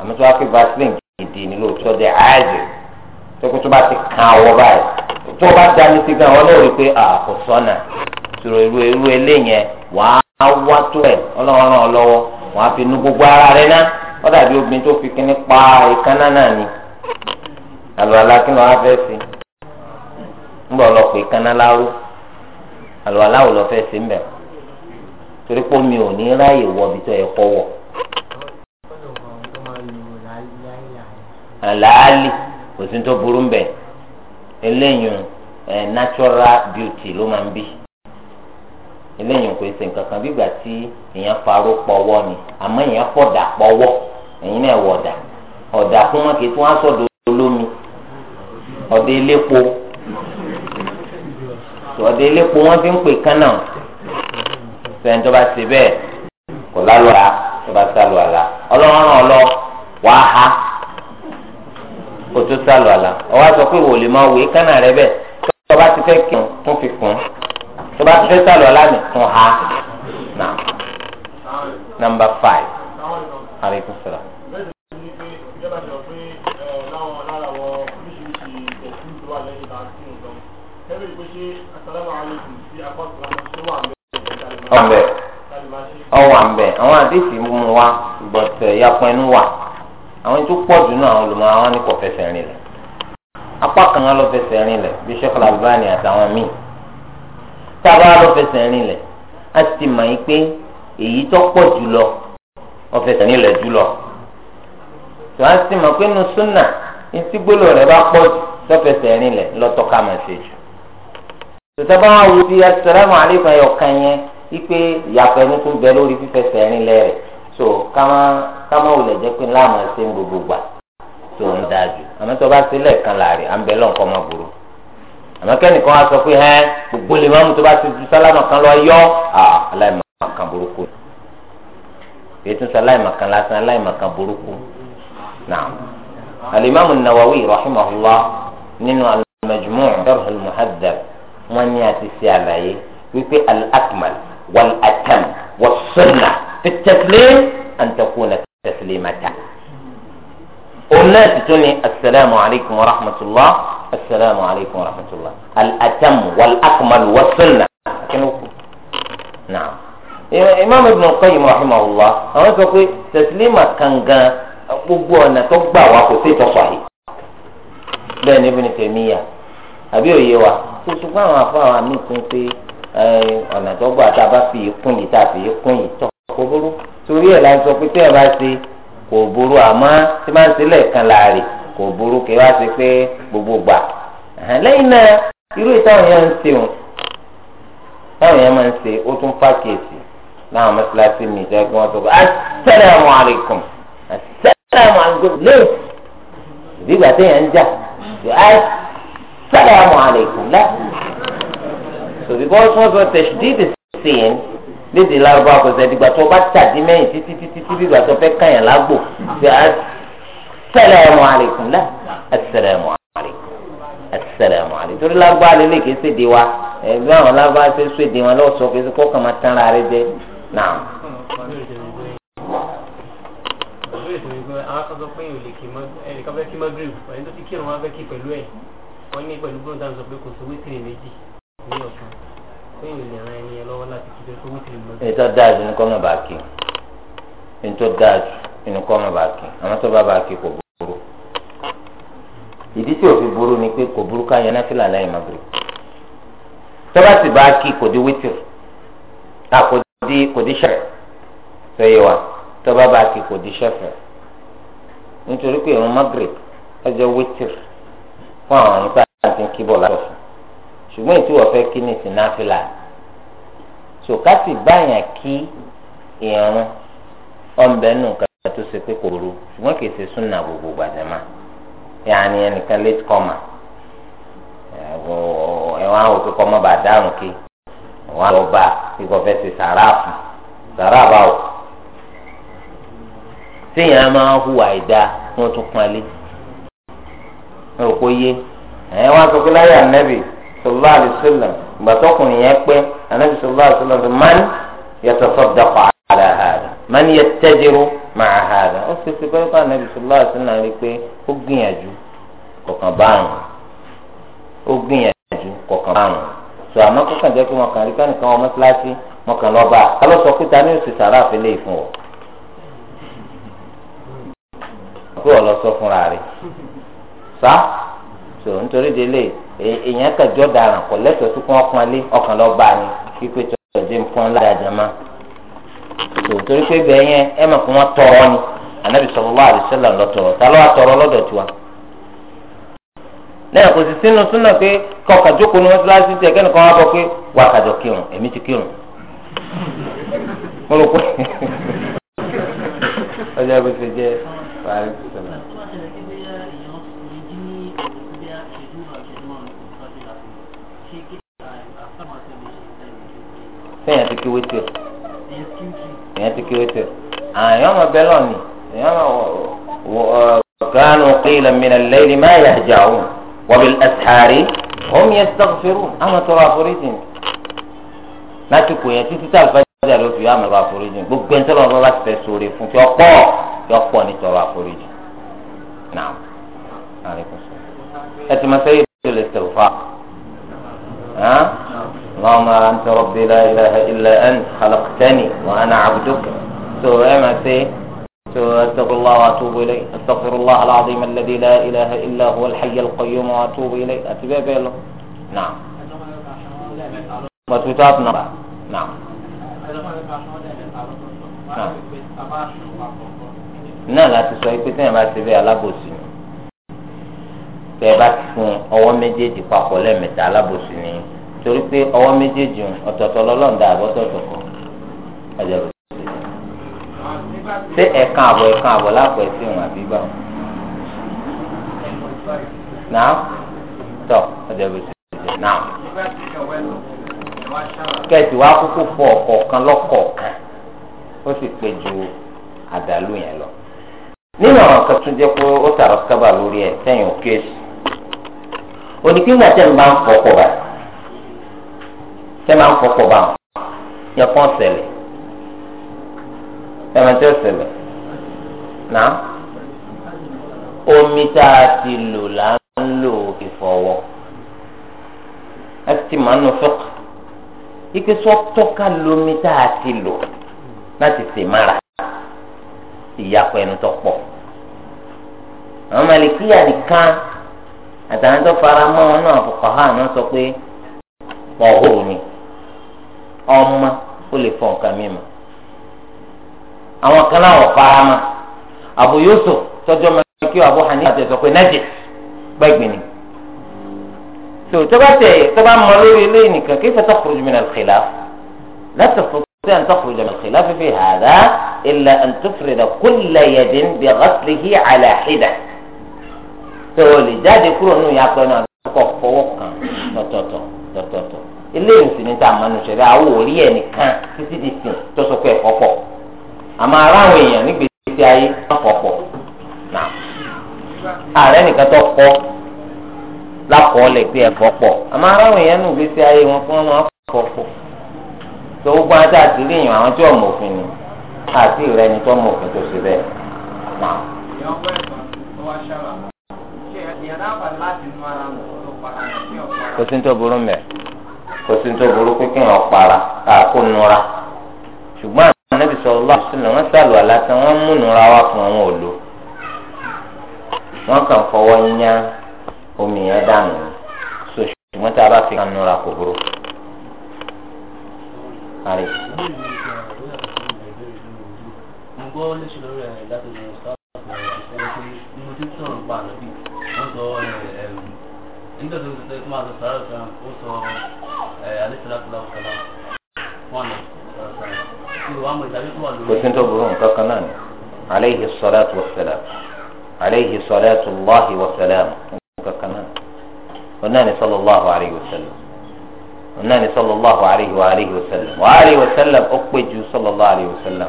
àmọ́ tó wá pé vaseline gidi ni lóòótọ́ dé ààyè tó kó tó bá ti kan àwọ̀ báyìí tó bá wọn náà rí pé àkó sọ́nà sọ̀rọ̀ irú irú eléyẹn wàá wá tó ọlọ́run ràn ọ́ lọ́wọ́ wàá fi wọ́n dàbí obìnrin tó fi kíní pa ìkánná náà ni àlùwàlá kí lọ́wọ́ fẹ́ sí ńgbà ọlọ́pàá ìkánná láró àlùwàlá ò lọ fẹ́ torí pé omi ò ní ráàyè wọ ibi tó yẹ kọ́ wọ̀. àlàálì natural beauty ló máa ń bí kò nǹkan kan bí tí èèyàn ni ẹ̀yin náà wọ ọ̀dà ọ̀dà fún wọn kì í sọ̀dọ̀ olómi ọ̀dà elépo ọ̀dà elépo wọn fi ń pè kánà sẹ́yìn tó bá ti bẹ́ẹ̀ kò lálùwàlá tó bá sálùwàlá ọlọ́run wà ha kò tó ọwọ́ sọ pé máa wò é kánà rẹ bẹ́ẹ̀ tó bá ti fẹ́ kí fi ọ̀nbẹ ọ̀wà ńbẹ àwọn àdéhìí mú wa gbọ̀tẹ̀ eh, yapọ̀ ẹnu wà àwọn tó pọ̀ jù náà àwọn olùmọ̀ àwọn ní kò fẹsẹ̀ rìn lẹ̀ apá kan lọ fẹsẹ̀ rìn lẹ̀ bí Sheikh Al-Albani àtàwọn míì tábà lọ fẹsẹ̀ rìn lẹ̀ a ti mọ̀ yín pé èyí tó pọ̀ jù lọ ọ̀fẹsẹ̀ rìn lẹ̀ jù lọ tó a ti mọ̀ pé nu súnà etí gbólóò rẹ̀ bá pọ̀ jù lọ́fẹsẹ̀ rìn lẹ̀ lọ́tọ́ ká máa ṣe jù tòtẹ́ bá wà wù bí asalaamualeykum ayọ̀kan yẹn ipe ìyàpọ̀ ẹni tó bẹ lórí fífẹsẹ̀ ẹni lẹ́rẹ̀ so kámá kámá ò lè jẹ́ pé láàmú ẹsẹ̀ ń gbogbo gbà tó ń dáa jù àmọ́ tó bá sí lẹ́ẹ̀kan láàrin à ń bẹ lọ́nkọ́ máa burú àmọ́ kẹ́nìkan á sọ pé ẹ́ gbogbo lè máa mú tó bá ti ju sálámà kan lọ yọ aláìmọ̀ kan burúkú ètò sáláìmọ̀ kan lásán aláìmọ̀ kan burúkú náà alimami nawawi rahimahullah nínú al-majmu' sharh al wọn ni a ti ṣe àlàyé wípé al والأتم والسنة في التسليم أن تكون تسليمه أولاد تقول السلام عليكم ورحمة الله السلام عليكم ورحمة الله الأتم والأكمل والسنة نعم إ ابن القيم رحمه الله أنا تقول تسليمه كان ابو انا تقبع و ا ك صحيح بين ابن تيمية أبي م ي سبحان الله فهو عميق فيه ọ̀nà tó gbà tá a bá fi kún yìí tá a fi kún yìí tọ́ kò burú torí ẹ̀ la ń sọ pé tẹ́ ẹ bá ṣe kò burú àmọ́ tí máa ń ṣe lẹ́ẹ̀kan láàrin kò burú kí wá ṣe pé gbogbo gbà lẹ́yìn náà irú ìtàwọn yẹn ń ṣe òun táwọn yẹn máa ń ṣe ó tún pàkíyèsí láwọn mọ́ṣáláṣí mi jẹ́ kí wọ́n sọ pé assalamu alaikum assalamu alaikum lẹ́yìn ìdígbà téèyàn ń jà assalamu alaikum lẹ́yìn so because wọ́n sọ tẹ̀sídìdì sèyìn lédè lárúbá àkọsẹ̀ dìgbà tó bá tàdí mẹ́yìn títí títí títí dìgbà tó fẹ́ kàyàn lágbo ṣe assalamu alaikum la assalamu alaikum assalamu alaikum torí lárúbá alẹ́lẹ́ kìí ṣe di wa ẹ̀mí àwọn lárúbá ṣe ṣe di wọn lọ́sọ̀ kìí ṣe kó kàn máa tán ra rẹ jẹ náà. wọ́n ní pẹ̀lú gbọ́dọ̀ dáhùn sọ pé kò sí wítìrì méjì òwúrọ̀ kan pé ìlẹ̀ ara ẹni ẹ lọ́wọ́ láti kí tó tó wítìrì mọ́. èyí tó dáa jù ní kọ́ mọ̀ bá kí èyí tó dáa jù ní kọ́ mọ̀ bá kí àwọn tó bá bá kí kò burú. ìdí tí òfin burú ni pé kò burú ká yẹn náà fìlà láì magre tó bá sì bá kí kò di wítìrì àkòdì kò di ṣẹ̀rẹ̀ tó yẹ wa tó bá bá kí kò di ṣẹ̀fẹ̀ nítorí pé ìrun magre ọjọ́ wítìrì fún àwọn ìgbà tí ń kíbọ̀ látọ̀ fún ṣùgbọ́n ètò ọ̀fẹ́ kí ni sí náfìlà sòkátì báyà kí ìrún ọ̀nbẹ nù kan tó ṣe pé kò ru ṣùgbọ́n kì í ṣe súnà gbogbo gbàdẹ́mà yàní ẹnìkan late comer ẹ̀wọ̀n àwọn òkè kọ́ mọ́ bá dárùn kí wọ́n á lọ bá ikọ̀ fẹ́ ṣe sàráàfù sàráàbà ò téèyàn máa hùwà ìdá wọn tún pọn lé ẹ ò yé ẹ wọn sọ pé láyé ànábì. sọlá àdìsílẹ̀ gbàtọ́kùnrin yẹn pé anabi sọlá àdìsílẹ̀ fi man yàtọ̀ sọ́dọ̀kọ̀ àdà man yẹ màá àdà ó sì fi bẹ́ẹ̀ bá anabi sọlá àdìsílẹ̀ rí pé ó gbìyànjú kọ̀kan báàrùn ó gbìyànjú kọ̀kan báàrùn sọ àmọ́ kọ̀kan jẹ́ pé wọn kàn rí kánìkan wọn mọ́tíláṣí wọn kàn lọ́ba alọ́sọ kúta ní òsì sàrà àfẹlẹ́ ìfún ọ pé ọ lọ sọ fúnra rẹ̀ sá. so nítorí délé èèyàn kẹjọ dara kọ lẹsọ tó kún ọkùnrin alẹ ọkàn lọ bá ni pípé tó ń tẹ̀sí nǹkan ládàjà má so torí pé bẹ́ẹ̀ yẹn ẹ mọ̀ kó wọ́n tọrọ ni anabi ta ló wà tọrọ lọ́dọ̀ tiwa lẹ́yìn kò sì sínú súnà pé kọkà jókòó <laughs> <laughs> sẹ́yìn ti kéwé tẹ̀ sẹ́yìn ti kéwé tẹ̀ àyàn ọmọ bẹ́ẹ̀ lọ ni èèyàn ọmọ wọ kánú qila min al-layli ma yahja'un wa bil-ashari hum yastaghfirun àmọ́ tọrọ àforíjì ni láti kò yẹn títí tá àlùfáàjà ló fi àmọ́ àforíjì gbogbo ẹni tọ́lọ́ bá ti fẹ́ sóore fún tí ọ̀pọ̀ yọ̀pọ̀ ní tọrọ àforíjì náà ẹ ti máa sẹ́yìn tó lè sẹ̀rù fà اللهم أنت ربي لا إله إلا أنت خلقتني وأنا عبدك سورة ما سي أستغفر الله وأتوب إليه أستغفر الله العظيم الذي لا إله إلا هو الحي القيوم وأتوب إليه أتبع بيلو نعم وتوتات نعم نعم náà láti sọ pé sẹ́yìn bá ti bẹ́ alábòsí ni tẹ́ ẹ bá ti fún ọwọ́ torí pé ọwọ́ méjèèjì ọ̀tọ̀ọ̀tọ̀ lọ́lọ́ọ̀dà àbọ̀tọ̀ọ̀tọ̀ kọ́ ọjà lọ sí i. ṣé ẹ̀kan àbọ̀ ẹ̀kan àbọ̀ lápò ẹ̀sìn ìwọ̀n àbí gbà? náà tọ̀ ọjà lọ sí i náà. kẹ́ẹ̀tì wá kúkú fọ ọ̀kọ̀ọ̀kan lọ́kọ̀ọ̀kan ó sì pé ju àdàlù yẹn lọ. nínú àwọn kan tún jẹ́ pé ó tààrọ̀ sábà lórí ẹ̀ sẹ́yìn òkè tẹ́ máa ń kọ́kọ́ bá wọn yẹ kọ́ ṣẹlẹ̀ tẹ́ máa tẹ́ ṣẹlẹ̀ náà omi tá a ti lò là ń lò ìfọwọ́ a ti máa ń nu fẹ́k ike sọ tọ́ka lomi tá a ti lò láti ṣèmára ìyapọ̀ ẹnu tó pọ̀ àwọn malikiya nìkan àtàwọn tó fara mọ́ wọn náà fọkàn hàn náà sọ pé pọ̀ hó ni ọmọ ó lè fọ nǹkan mímọ́ àwọn kan láwọn farama Abu Yusuf tọjọ mẹkí Abu Hanifa àti ẹsọ pé nẹjẹ gbẹgbẹ ni tó tọba tẹ tọba mọ lórí eléyìí nìkan kayfa takhruju min al-khilaf la tastati'u an takhruja min al-khilaf fi hadha illa an tufrida kulla yadin bi ghaslihi ala hida tó lè jáde kúrò nù yàtọ̀ náà kọ́ fọwọ́ kan lọ́tọ̀ọ̀tọ̀ lọ́tọ̀ọ̀tọ̀ eléyìí sì ní tá a mánu ṣẹlẹ̀ àwọn òrí ẹ nìkan títí di sìn tó sọ pé ẹkọ pọ àmọ́ aráwọn èèyàn nígbèsí ayé wọn kọ pọ náà ààrẹ nìkan tó kọ lákọọlẹ pé ẹkọ pọ àmọ́ aráwọn èèyàn nígbèsí ayé wọn fún wọn kọ pọ tó gbọ́n ajá àti ríyìn àwọn tí ọmọ òfin ni àti ìrẹ ni tó ọmọ òfin tó ṣe bẹ́ẹ̀ náà. kò sí ní tó burú mẹ́ẹ̀ kò sí tó burú pé kéèyàn para kó nura ṣùgbọ́n àwọn anábì sallallahu alaihi wasallam wọ́n sàlù aláṣẹ wọ́n mú nura wá fún àwọn òòlò wọ́n kàn fọwọ́ yíyan omi yẹn dànù ṣùgbọ́n tá a bá fi kan nura kò burú. gbọ́ ده ما ده صار كان قصه يعني ثلاث لو كلام هون قلت إيه، إيه، انت برون كاكنان عليه الصلاة والسلام عليه صلاة الله وسلام كاكنان وناني صلى الله عليه وسلم وناني صلى الله عليه وآله وسلم وآله وسلم أقبج صلى الله عليه وسلم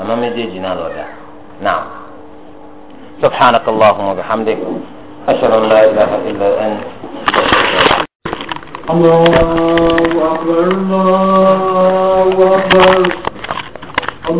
أما مجي جنال ودا نعم سبحانك اللهم وبحمدك أشهد أن لا إله إلا أنت الله أكبر الله أكبر